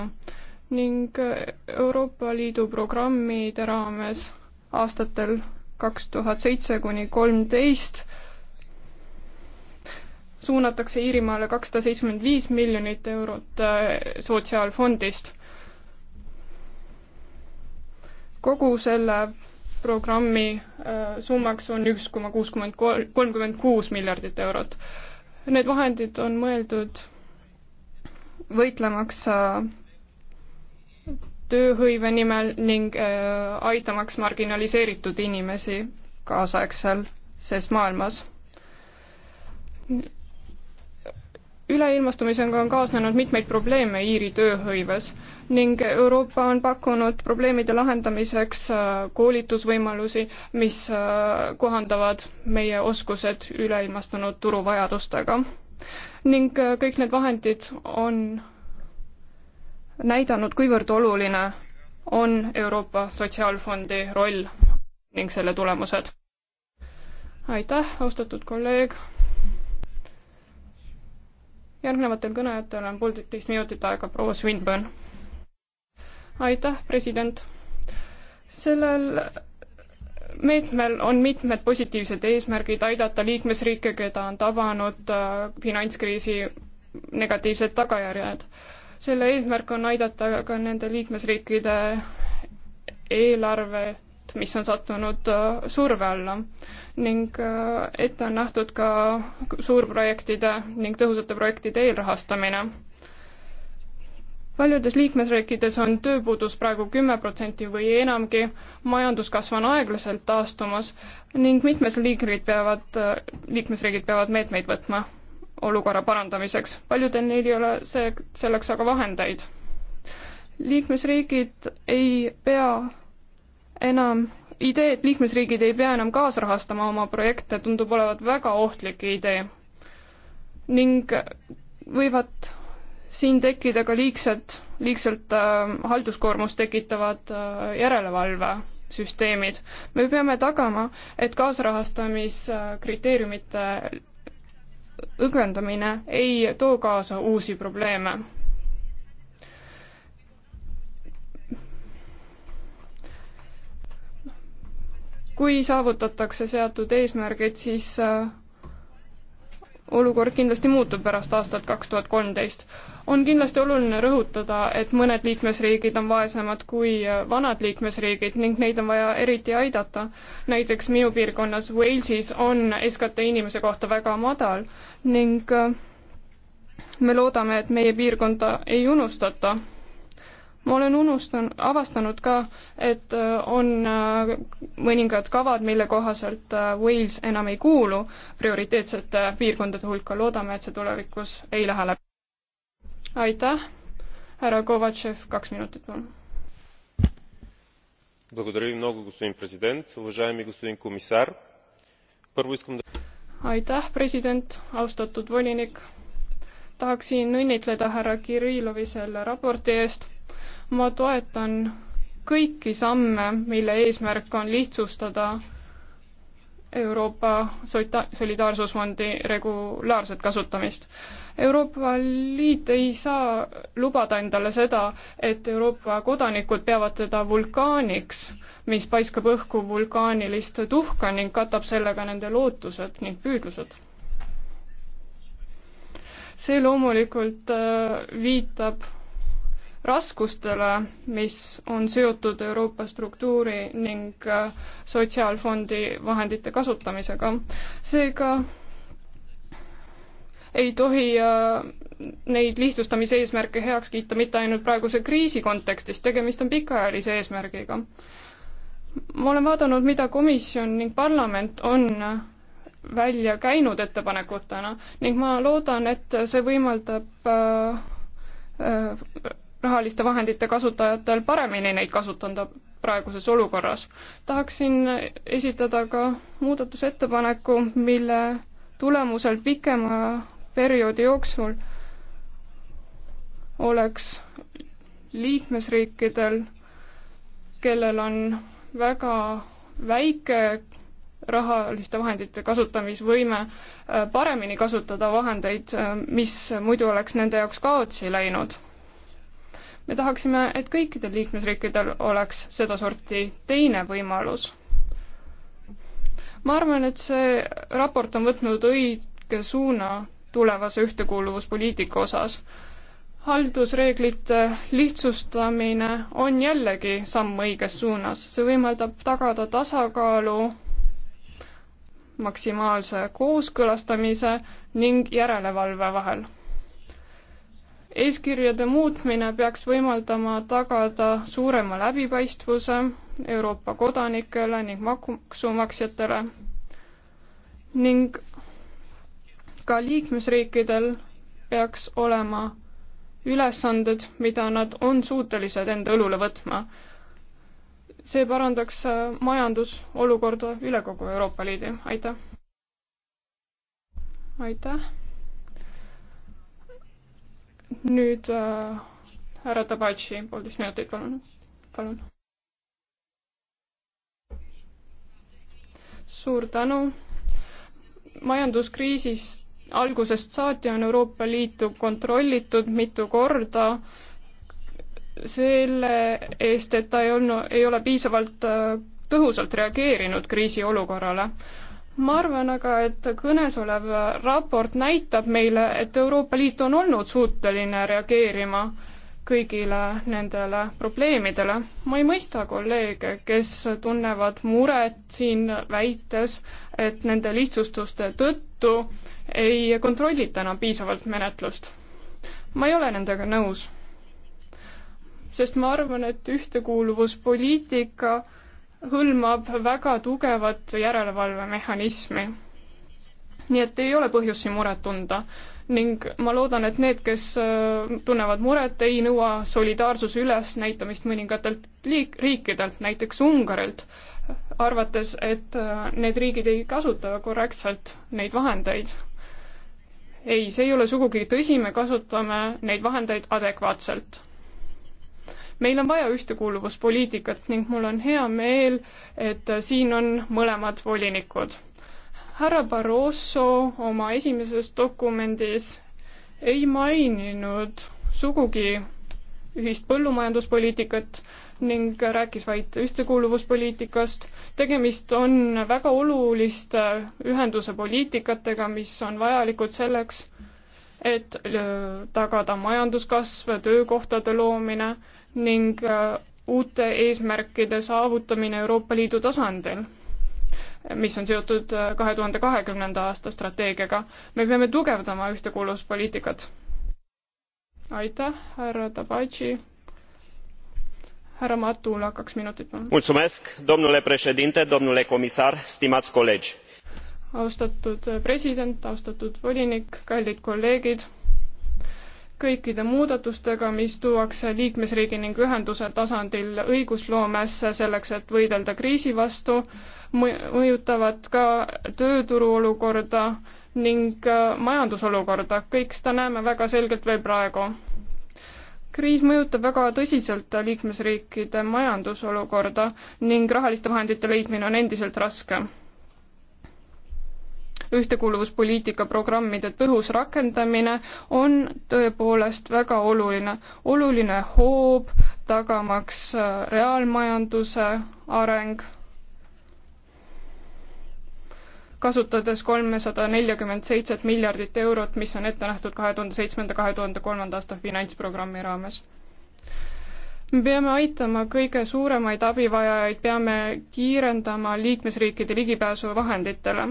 ning Euroopa Liidu programmide raames aastatel kaks tuhat seitse kuni kolmteist suunatakse Iirimaale kakssada seitsekümmend viis miljonit eurot äh, sotsiaalfondist. kogu selle programmi äh, summaks on üks koma kuuskümmend kolm, kolmkümmend kuus miljardit eurot. Need vahendid on mõeldud võitlemaks äh, tööhõive nimel ning äh, aitamaks marginaliseeritud inimesi kaasaegses maailmas. üleilmastumisega on kaasnenud mitmeid probleeme Iiri tööhõives ning Euroopa on pakkunud probleemide lahendamiseks äh, koolitusvõimalusi, mis kohandavad meie oskused üleilmastunud turuvajadustega ning äh, kõik need vahendid on näidanud, kuivõrd oluline on Euroopa Sotsiaalfondi roll ning selle tulemused. aitäh, austatud kolleeg. järgnevatel kõnejatel on poolteist minutit aega, proua Swinburne. aitäh, president. sellel meetmel on mitmed positiivsed eesmärgid aidata liikmesriike, keda on tabanud äh, finantskriisi negatiivsed tagajärjed. selle eesmärk on aidata ka nende liikmesriikide eelarvet, mis on sattunud äh, surve alla ning äh, ette on nähtud ka suurprojektide ning tõhusate projektide eelrahastamine paljudes liikmesriikides on tööpuudus praegu kümme protsenti või enamgi, majanduskasv on aeglaselt taastumas ning mitmes liigrid peavad, liikmesriigid peavad meetmeid võtma olukorra parandamiseks. paljudel neil ei ole see, selleks aga vahendeid. liikmesriigid ei pea enam, idee, et liikmesriigid ei pea enam kaasrahastama oma projekte, tundub olevat väga ohtlik idee. ning võivad siin tekkida ka liigset, liigselt äh, halduskoormust tekitavad äh, järelevalvesüsteemid. me peame tagama, et kaasrahastamiskriteeriumite õgvendamine ei too kaasa uusi probleeme. kui saavutatakse seatud eesmärgid, siis äh, olukord kindlasti muutub pärast aastat kaks tuhat kolmteist on kindlasti oluline rõhutada, et mõned liikmesriigid on vaesemad kui äh, vanad liikmesriigid ning neid on vaja eriti aidata. näiteks minu piirkonnas Walesis on SKT inimese kohta väga madal ning äh, me loodame, et meie piirkonda ei unustata. ma olen unustanud, avastanud ka, et äh, on mõningad kavad, mille kohaselt Wales enam ei kuulu prioriteetsete piirkondade hulka, loodame, et see tulevikus ei lähe läbi aitäh, härra Kovatšev, kaks minutit, palun. aitäh, president, austatud volinik. tahaksin õnnitleda härra Kirillovi selle raporti eest. ma toetan kõiki samme, mille eesmärk on lihtsustada Euroopa Solidaarsusfondi regulaarset kasutamist Euroopa Liit ei saa lubada endale seda, et Euroopa kodanikud peavad teda vulkaaniks, mis paiskab õhku vulkaanilist tuhka ning katab sellega nende lootused ning püüdlused see loomulikult äh, viitab raskustele, mis on seotud Euroopa struktuuri ning äh, sotsiaalfondi vahendite kasutamisega. seega ei tohi äh, neid lihtsustamise eesmärke heaks kiita mitte ainult praeguse kriisi kontekstis, tegemist on pikaajalise eesmärgiga. ma olen vaadanud, mida komisjon ning parlament on välja käinud ettepanekutena ning ma loodan, et see võimaldab äh, äh, rahaliste vahendite kasutajatel paremini neid kasutada praeguses olukorras. tahaksin esitada ka muudatusettepaneku, mille tulemusel pikema perioodi jooksul oleks liikmesriikidel, kellel on väga väike rahaliste vahendite kasutamisvõime, äh, paremini kasutada vahendeid, äh, mis muidu oleks nende jaoks kaotsi läinud. me tahaksime, et kõikidel liikmesriikidel oleks sedasorti teine võimalus. ma arvan, et see raport on võtnud õige suuna tulevase ühtekuuluvuspoliitika osas. haldusreeglite lihtsustamine on jällegi samm õiges suunas, see võimaldab tagada tasakaalu maksimaalse kooskõlastamise ning järelevalve vahel. eeskirjade muutmine peaks võimaldama tagada suurema läbipaistvuse Euroopa kodanikele ning maksumaksjatele ning ka liikmesriikidel peaks olema ülesanded, mida nad on suutelised enda õlule võtma. see parandaks äh, majandusolukorda üle kogu Euroopa Liidu, aitäh! aitäh! nüüd äh, härra Tabatši, poolteist minutit, palun, palun. suur tänu majanduskriisist algusest saati on Euroopa Liitu kontrollitud mitu korda selle eest, et ta ei olnud, ei ole piisavalt äh, tõhusalt reageerinud kriisiolukorrale. ma arvan aga, et kõnesolev raport näitab meile, et Euroopa Liit on olnud suuteline reageerima kõigile nendele probleemidele. ma ei mõista kolleege, kes tunnevad muret siin väites, et nende lihtsustuste tõttu ei kontrollita enam piisavalt menetlust. ma ei ole nendega nõus. sest ma arvan, et ühtekuuluvuspoliitika hõlmab väga tugevat järelevalvemehhanismi. nii et ei ole põhjust siin muret tunda ning ma loodan, et need, kes äh, tunnevad muret, ei nõua solidaarsuse ülesnäitamist mõningatelt liik-, riikidelt, näiteks Ungarilt, arvates, et äh, need riigid ei kasuta korrektselt neid vahendeid. ei, see ei ole sugugi tõsi, me kasutame neid vahendeid adekvaatselt meil on vaja ühtekuuluvuspoliitikat ning mul on hea meel, et äh, siin on mõlemad volinikud härra Barroso oma esimeses dokumendis ei maininud sugugi ühist põllumajanduspoliitikat ning rääkis vaid ühtekuuluvuspoliitikast. tegemist on väga oluliste ühenduse poliitikatega, mis on vajalikud selleks, et äh, tagada majanduskasv, töökohtade loomine ning äh, uute eesmärkide saavutamine Euroopa Liidu tasandil mis on seotud äh, kahe tuhande kahekümnenda aasta strateegiaga. me peame tugevdama ühtekuuluvuspoliitikat. aitäh, härra Tabatši. härra Matula, kaks minutit palun. mulțumesc, domnule președinte, domnule comisar, stimați colegi. austatud äh, president, austatud volinik, kallid kolleegid kõikide muudatustega, mis tuuakse liikmesriigi ning ühenduse tasandil õigusloomesse selleks, et võidelda kriisi vastu, mõjutavad ka tööturu olukorda ning äh, majandusolukorda, kõik seda näeme väga selgelt veel praegu. kriis mõjutab väga tõsiselt liikmesriikide majandusolukorda ning rahaliste vahendite leidmine on endiselt raske. ühtekuuluvuspoliitika programmide tõhus rakendamine on tõepoolest väga oluline, oluline hoob tagamaks äh, reaalmajanduse areng kasutades kolmesada neljakümmend seitset miljardit eurot, mis on ette nähtud kahe tuhande seitsmenda, kahe tuhande kolmanda aasta finantsprogrammi raames. me peame aitama kõige suuremaid abivajajaid, peame kiirendama liikmesriikide ligipääsu vahenditele.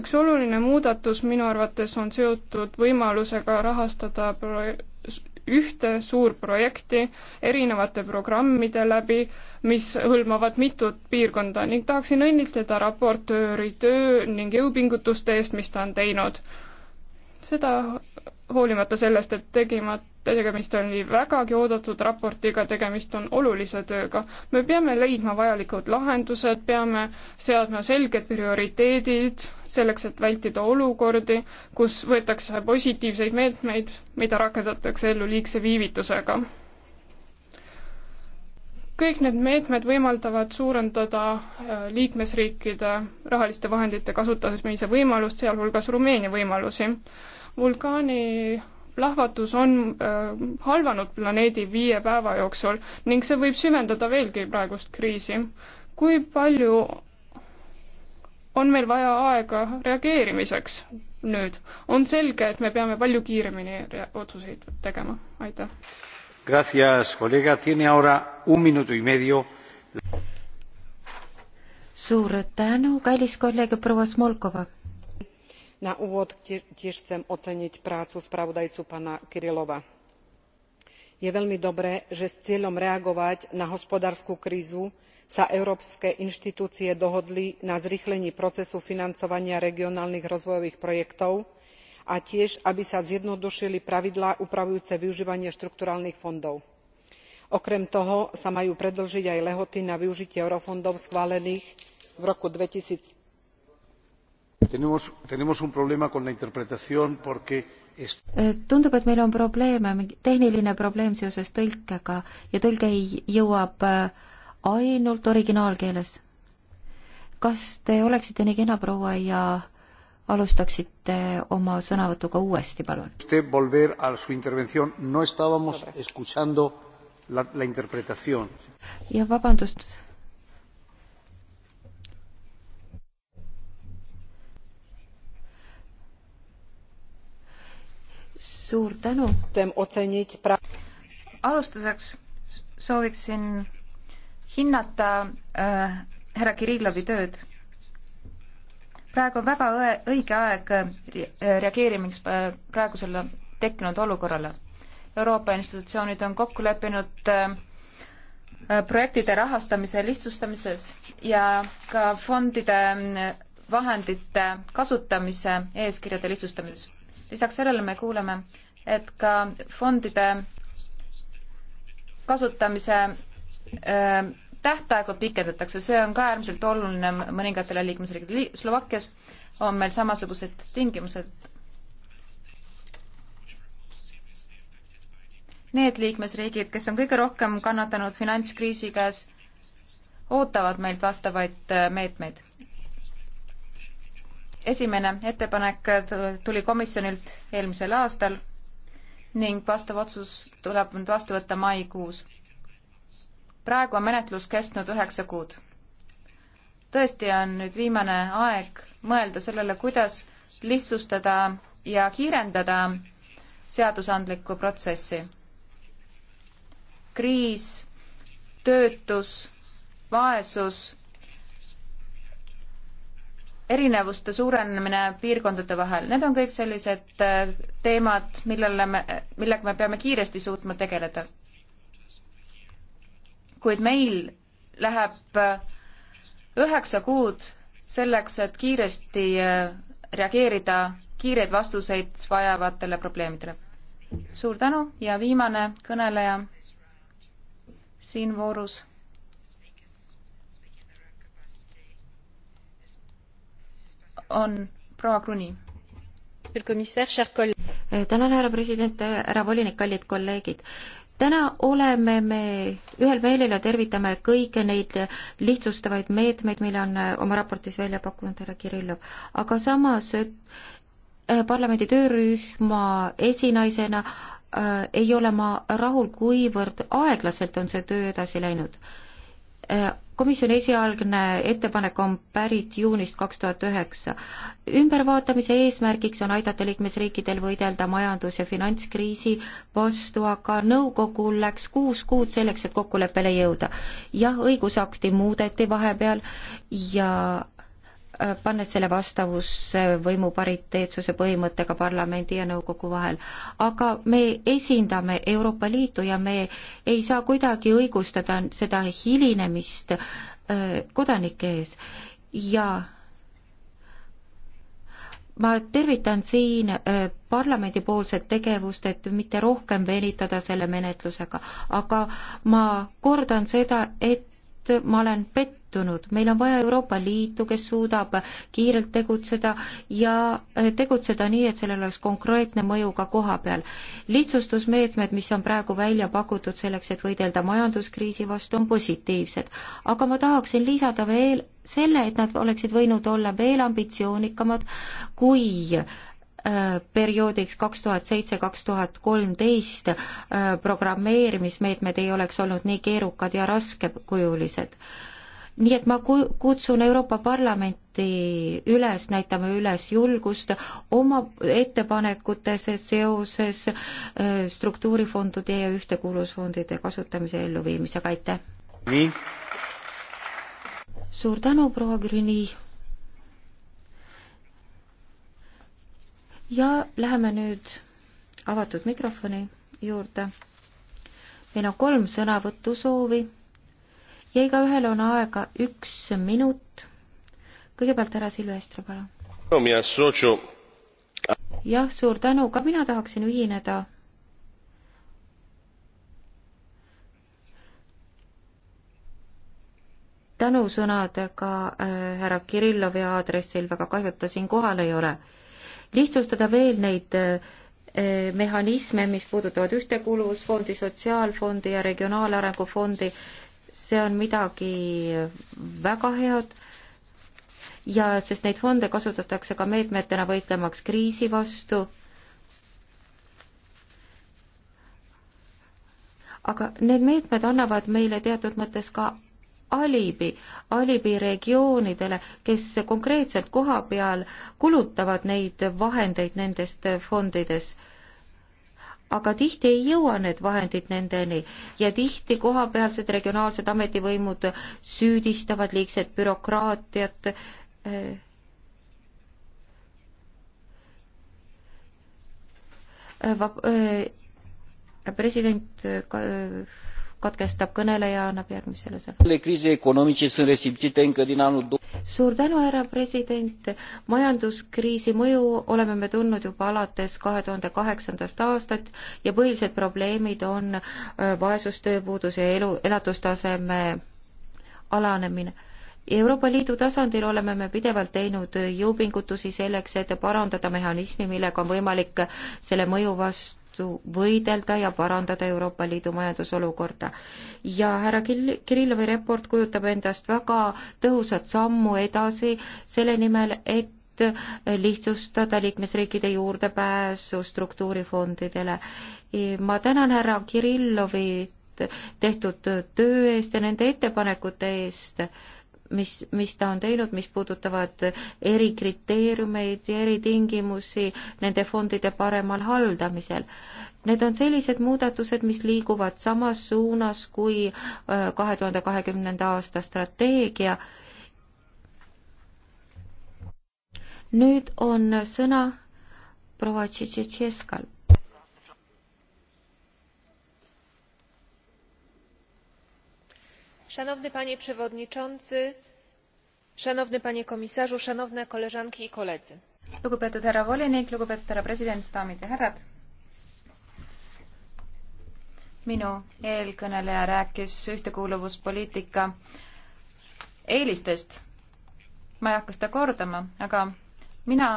üks oluline muudatus minu arvates on seotud võimalusega rahastada pro-, ühte suurprojekti erinevate programmide läbi, mis hõlmavad mitut piirkonda ning tahaksin õnnitleda raportööri töö ning jõupingutuste eest, mis ta on teinud. seda hoolimata sellest, et tegima, tegemist oli vägagi oodatud raportiga, tegemist on olulise tööga. me peame leidma vajalikud lahendused, peame seadma selged prioriteedid selleks, et vältida olukordi, kus võetakse positiivseid meetmeid, mida rakendatakse ellu liigse viivitusega. kõik need meetmed võimaldavad suurendada äh, liikmesriikide rahaliste vahendite kasutamise võimalust, sealhulgas Rumeenia võimalusi vulkaani plahvatus on äh, halvanud planeedi viie päeva jooksul ning see võib süvendada veelgi praegust kriisi. kui palju on meil vaja aega reageerimiseks nüüd? on selge, et me peame palju kiiremini otsuseid tegema, aitäh. suur tänu, kallis kolleeg proua Smolkova na úvod tiež chcem oceniť prácu spravodajcu pána kirilova. je veľmi dobré že s cieľom reagovať na hospodársku krízu sa európske inštitúcie dohodli na zrýchlení procesu financovania regionálnych rozvojových projektov a tiež aby sa zjednodušili pravidlá upravujúce využívanie štrukturálnych fondov. okrem toho sa majú predĺžiť aj lehoty na využitie eurofondov schválených v roku two thousand Tenemos, tenemos un problema con la interpretación porque eh, tundub, et meil on probleeme, mingi tehniline probleem seoses tõlkega ja tõlge jõuab äh, ainult originaalkeeles. kas te oleksite nii kena, proua, ja alustaksite oma sõnavõtuga uuesti, palun? No la, la ja vabandust, suur tänu. alustuseks sooviksin hinnata äh, härra Kirillovi tööd. praegu on väga õe, õige aeg äh, reageerimiseks äh, praegusele tekkinud olukorrale. Euroopa institutsioonid on kokku leppinud äh, projektide rahastamise lihtsustamises ja ka fondide äh, vahendite kasutamise eeskirjade lihtsustamises lisaks sellele me kuuleme, et ka fondide kasutamise äh, tähtaegu pikendatakse, see on ka äärmiselt oluline mõningatele liikmesriikidele. Slovakkias on meil samasugused tingimused. Need liikmesriigid, kes on kõige rohkem kannatanud finantskriisi käes, ootavad meilt vastavaid meetmeid esimene ettepanek tuli komisjonilt eelmisel aastal ning vastav otsus tuleb nüüd vastu võtta maikuus. praegu on menetlus kestnud üheksa kuud. tõesti on nüüd viimane aeg mõelda sellele, kuidas lihtsustada ja kiirendada seadusandlikku protsessi. kriis, töötus, vaesus erinevuste suurenemine piirkondade vahel, need on kõik sellised äh, teemad, millele me, millega me peame kiiresti suutma tegeleda. kuid meil läheb äh, üheksa kuud selleks, et kiiresti äh, reageerida kiireid vastuseid vajavatele probleemidele. suur tänu ja viimane kõneleja siin voorus on proua Kruni. tänan, härra president, härra volinik, kallid kolleegid täna oleme me ühel meelel ja tervitame kõiki neid lihtsustavaid meetmeid, mille on oma raportis välja pakkunud härra Kirillov, aga samas eh, parlamendi töörühma esinaisena äh, ei ole ma rahul, kuivõrd aeglaselt on see töö edasi läinud äh, komisjoni esialgne ettepanek on pärit juunist kaks tuhat üheksa. ümbervaatamise eesmärgiks on aidata liikmesriikidel võidelda majandus- ja finantskriisi vastu, aga nõukogul läks kuus kuud selleks, et kokkuleppele jõuda. jah, õigusakti muudeti vahepeal ja pannes selle vastavusse võimu pariteetsuse põhimõttega parlamendi ja nõukogu vahel. aga me esindame Euroopa Liitu ja me ei saa kuidagi õigustada seda hilinemist äh, kodanike ees ja ma tervitan siin äh, parlamendipoolset tegevust, et mitte rohkem venitada selle menetlusega, aga ma kordan seda, et ma olen pettunud muutunud, meil on vaja Euroopa Liitu, kes suudab kiirelt tegutseda ja eh, tegutseda nii, et sellel oleks konkreetne mõju ka koha peal. lihtsustusmeetmed, mis on praegu välja pakutud selleks, et võidelda majanduskriisi vastu, on positiivsed. aga ma tahaksin lisada veel selle, et nad oleksid võinud olla veel ambitsioonikamad, kui eh, perioodiks kaks tuhat seitse, kaks tuhat kolmteist eh, programmeerimismeetmed ei oleks olnud nii keerukad ja raskekujulised nii et ma kutsun Euroopa Parlamenti üles, näitame üles julgust oma ettepanekutes seoses äh, struktuurifondide ja ühtekuuluvusfondide kasutamise elluviimisega, aitäh! nii. suur tänu, proua Grüni. ja läheme nüüd avatud mikrofoni juurde. meil on kolm sõnavõtusoovi ja igaühel on aega üks minut. kõigepealt härra Silvestro, palun. jah, suur tänu, ka mina tahaksin ühineda tänusõnadega äh, härra Kirillovi aadressil, väga kahju, et ta siin kohal ei ole. lihtsustada veel neid äh, äh, mehhanisme, mis puudutavad ühtekuuluvusfondi, sotsiaalfondi ja regionaalarengu fondi see on midagi väga head ja sest neid fonde kasutatakse ka meetmetena võitlemaks kriisi vastu. aga need meetmed annavad meile teatud mõttes ka alibi, alibi regioonidele, kes konkreetselt koha peal kulutavad neid vahendeid nendes fondides aga tihti ei jõua need vahendid nendeni ja tihti kohapealsed regionaalsed ametivõimud süüdistavad liigset bürokraatiat. Eh, eh, president katkestab kõneleja, annab järgmisele sõna. kriisi ökonomice sunt resimțite încă din anul suur tänu, härra president, majanduskriisi mõju oleme me tundnud juba alates kahe tuhande kaheksandast aastat ja põhilised probleemid on vaesus, tööpuudus ja elu, elatustaseme alanemine Euroopa Liidu tasandil oleme me pidevalt teinud jõupingutusi selleks, et parandada mehhanismi, millega on võimalik selle mõju vastu vastu võidelda ja parandada Euroopa Liidu majandusolukorda. ja härra Kirillovi report kujutab endast väga tõhusat sammu edasi selle nimel, et lihtsustada liikmesriikide juurdepääsu struktuurifondidele. ma tänan härra Kirillovit tehtud töö eest ja nende ettepanekute eest mis, mis ta on teinud, mis puudutavad erikriteeriumeid ja eritingimusi nende fondide paremal haldamisel. Need on sellised muudatused, mis liiguvad samas suunas kui äh, kahe tuhande kahekümnenda aasta strateegia. nüüd on sõna proua Tšetšetšeskal szanowny panie przewodniczący szanowny panie komisarzu szanowne koleżanki i koledzy lugupeetud härra volinik lugupeetud härra president daamid ja härrad minu eelkõneleja rääkis ühtekuuluvuspoliitika eelistest ma ei hakka seda kordama aga mina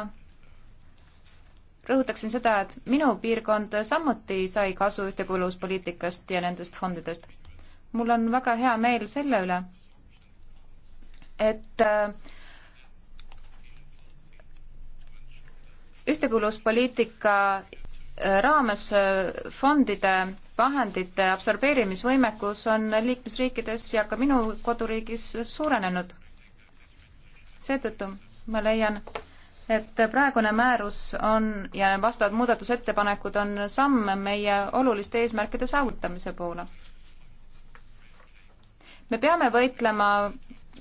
rõhutaksin seda et minu piirkond samuti sai kasu ühtekuuluvuspoliitikast ja nendest fondidest mul on väga hea meel selle üle, et äh, ühtekuuluvuspoliitika äh, raames äh, fondide vahendite absorbeerimisvõimekus on liikmesriikides ja ka minu koduriigis suurenenud. seetõttu ma leian, et praegune määrus on ja vastavad muudatusettepanekud on samm meie oluliste eesmärkide saavutamise poole me peame võitlema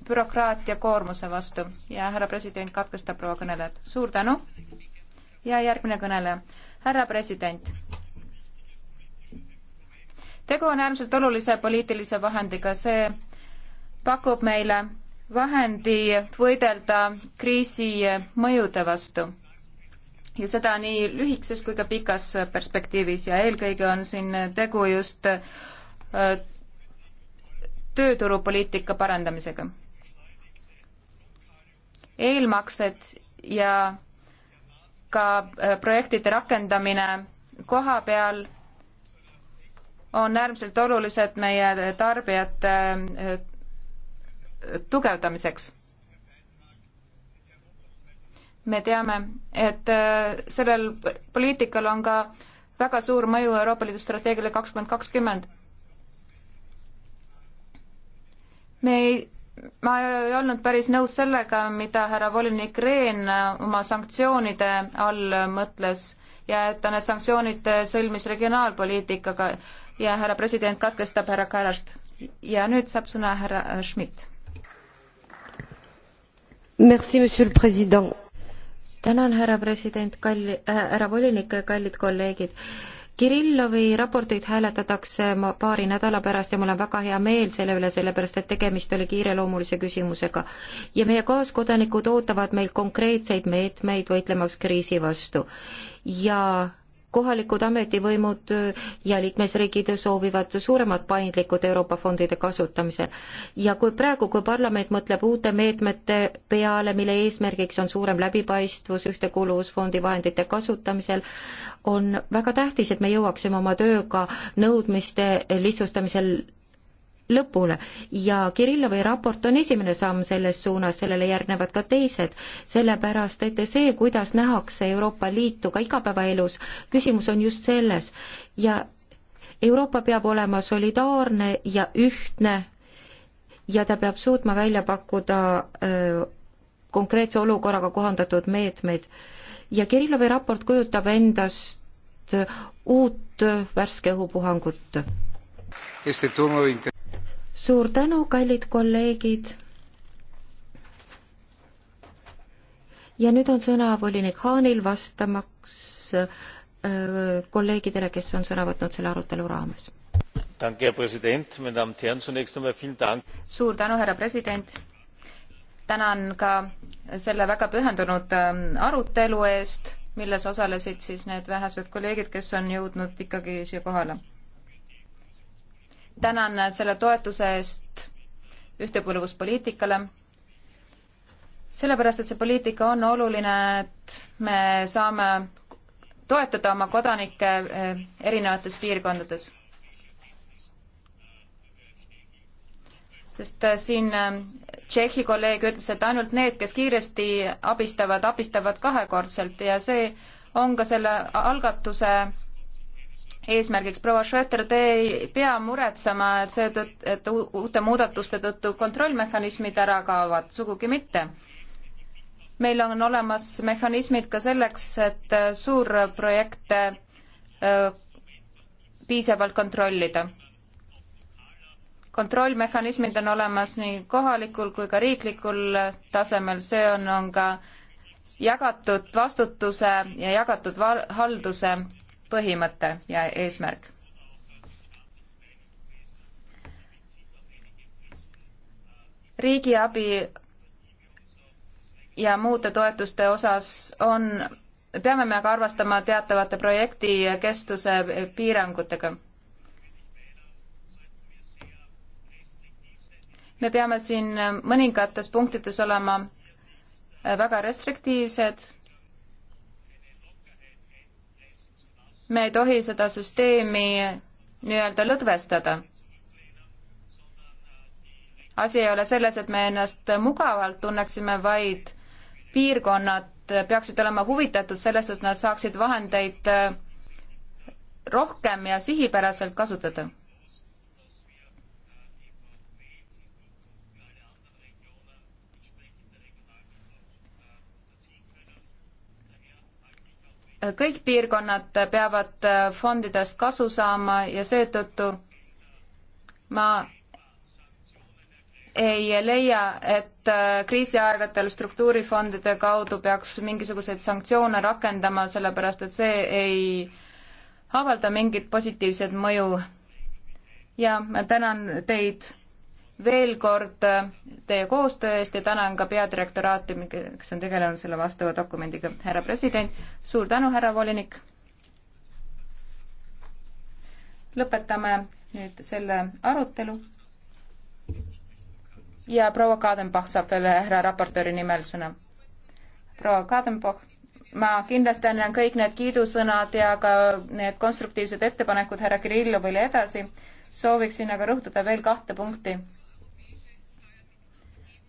bürokraatia koormuse vastu ja härra president katkestab proua kõnelejat. suur tänu ja järgmine kõneleja. härra president. tegu on äärmiselt olulise poliitilise vahendiga, see pakub meile vahendi võidelda kriisi mõjude vastu ja seda nii lühikeses kui ka pikas perspektiivis ja eelkõige on siin tegu just äh, tööturupoliitika parandamisega. eelmaksed ja ka äh, projektide rakendamine koha peal on äärmiselt olulised meie tarbijate äh, tugevdamiseks. me teame, et äh, sellel poliitikal on ka väga suur mõju Euroopa Liidu strateegiale kakskümmend kakskümmend me ei, ma ei olnud päris nõus sellega, mida härra volinik Rehn oma sanktsioonide all mõtles ja et ta need sanktsioonid sõlmis regionaalpoliitikaga ja härra president katkestab härra Karast. ja nüüd saab sõna härra Schmidt. Merci, monsieur le president. tänan, härra president, kalli äh,, härra volinik, kallid kolleegid Kirillovi raporteid hääletatakse ma paari nädala pärast ja mul on väga hea meel selle üle, sellepärast et tegemist oli kiireloomulise küsimusega. ja meie kaaskodanikud ootavad meilt konkreetseid meetmeid võitlemaks kriisi vastu. ja kohalikud ametivõimud ja liikmesriigid soovivad suuremat paindlikkust Euroopa fondide kasutamisel. ja kui praegu, kui parlament mõtleb uute meetmete peale, mille eesmärgiks on suurem läbipaistvus ühtekuuluvusfondi vahendite kasutamisel, on väga tähtis, et me jõuaksime oma tööga nõudmiste lihtsustamisel lõpule ja Kirillovi raport on esimene samm selles suunas, sellele järgnevad ka teised, sellepärast et see, kuidas nähakse Euroopa Liitu ka igapäevaelus, küsimus on just selles ja Euroopa peab olema solidaarne ja ühtne ja ta peab suutma välja pakkuda öö, konkreetse olukorraga kohandatud meetmeid. ja Kirillovi raport kujutab endast uut värske õhupuhangut suur tänu, kallid kolleegid. ja nüüd on sõna volinik Haanil vastamaks äh, kolleegidele, kes on sõna võtnud selle arutelu raames. suur tänu, härra president. tänan ka selle väga pühendunud ähm, arutelu eest, milles osalesid siis need vähesed kolleegid, kes on jõudnud ikkagi siia kohale tänan selle toetuse eest ühtekuuluvuspoliitikale, sellepärast et see poliitika on oluline, et me saame toetada oma kodanikke eh, erinevates piirkondades. sest eh, siin eh, Tšehhi kolleeg ütles, et ainult need, kes kiiresti abistavad, abistavad kahekordselt ja see on ka selle algatuse eesmärgiks. proua Schröter, te ei pea muretsema, et seetõttu, et uute muudatuste tõttu kontrollmehhanismid ära kaovad, sugugi mitte. meil on olemas mehhanismid ka selleks, et äh, suurprojekte äh, piisavalt kontrollida. kontrollmehhanismid on olemas nii kohalikul kui ka riiklikul äh, tasemel, see on, on ka jagatud vastutuse ja jagatud halduse põhimõte ja eesmärk. riigiabi ja muude toetuste osas on, peame me aga arvestama teatavate projekti kestuse piirangutega. me peame siin mõningates punktides olema väga restriktiivsed me ei tohi seda süsteemi nii-öelda lõdvestada. asi ei ole selles, et me ennast mugavalt tunneksime, vaid piirkonnad peaksid olema huvitatud sellest, et nad saaksid vahendeid äh, rohkem ja sihipäraselt kasutada kõik piirkonnad peavad äh, fondidest kasu saama ja seetõttu ma ei leia, et äh, kriisiaegadel struktuurifondide kaudu peaks mingisuguseid sanktsioone rakendama, sellepärast et see ei avalda mingit positiivset mõju. ja ma tänan teid veel kord teie koostöö eest ja tänan ka peadirektoraati, kes on tegelenud selle vastava dokumendiga. härra president, suur tänu, härra volinik. lõpetame nüüd selle arutelu. ja proua Kadenbach saab veel härra raportööri nimel sõna. proua Kadenbach, ma kindlasti annan kõik need kiidusõnad ja ka need konstruktiivsed ettepanekud härra Kirillovile edasi. sooviksin aga rõhutada veel kahte punkti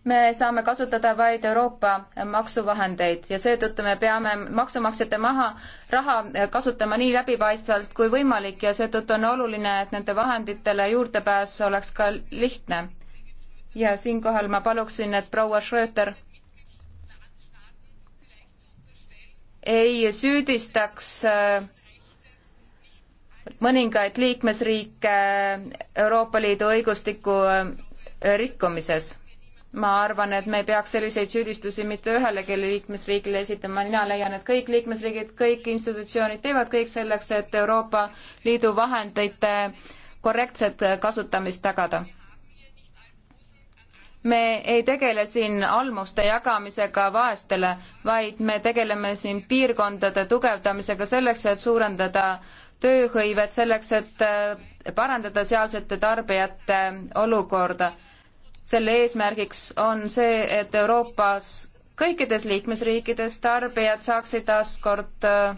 me saame kasutada vaid Euroopa maksuvahendeid ja seetõttu me peame maksumaksjate maha, raha kasutama nii läbipaistvalt kui võimalik ja seetõttu on oluline, et nende vahenditele juurdepääs oleks ka lihtne. ja siinkohal ma paluksin, et proua Schröter ei süüdistaks äh, mõningaid liikmesriike Euroopa Liidu õigustiku äh, rikkumises ma arvan, et me ei peaks selliseid süüdistusi mitte ühelegi liikmesriigile esitama, mina leian, et kõik liikmesriigid, kõik institutsioonid teevad kõik selleks, et Euroopa Liidu vahendite korrektset kasutamist tagada. me ei tegele siin almuste jagamisega vaestele, vaid me tegeleme siin piirkondade tugevdamisega selleks, et suurendada tööhõivet, selleks, et eh, parandada sealsete tarbijate olukorda selle eesmärgiks on see, et Euroopas kõikides liikmesriikides tarbijad saaksid taaskord äh,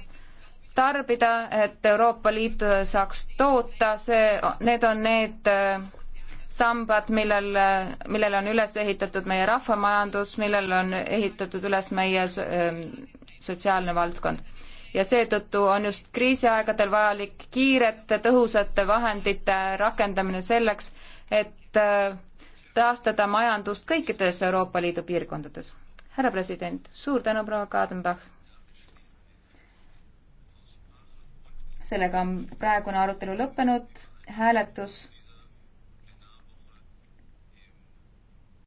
tarbida, et Euroopa Liit saaks toota, see, need on need äh, sambad, millel, äh, millele on üles ehitatud meie rahvamajandus, millele on ehitatud üles meie ähm, sotsiaalne valdkond. ja seetõttu on just kriisiaegadel vajalik kiirete tõhusate vahendite rakendamine selleks, et taastada majandust kõikides Euroopa Liidu piirkondades. härra president, suur tänu, proua Kadenbach. sellega on praegune arutelu lõppenud, hääletus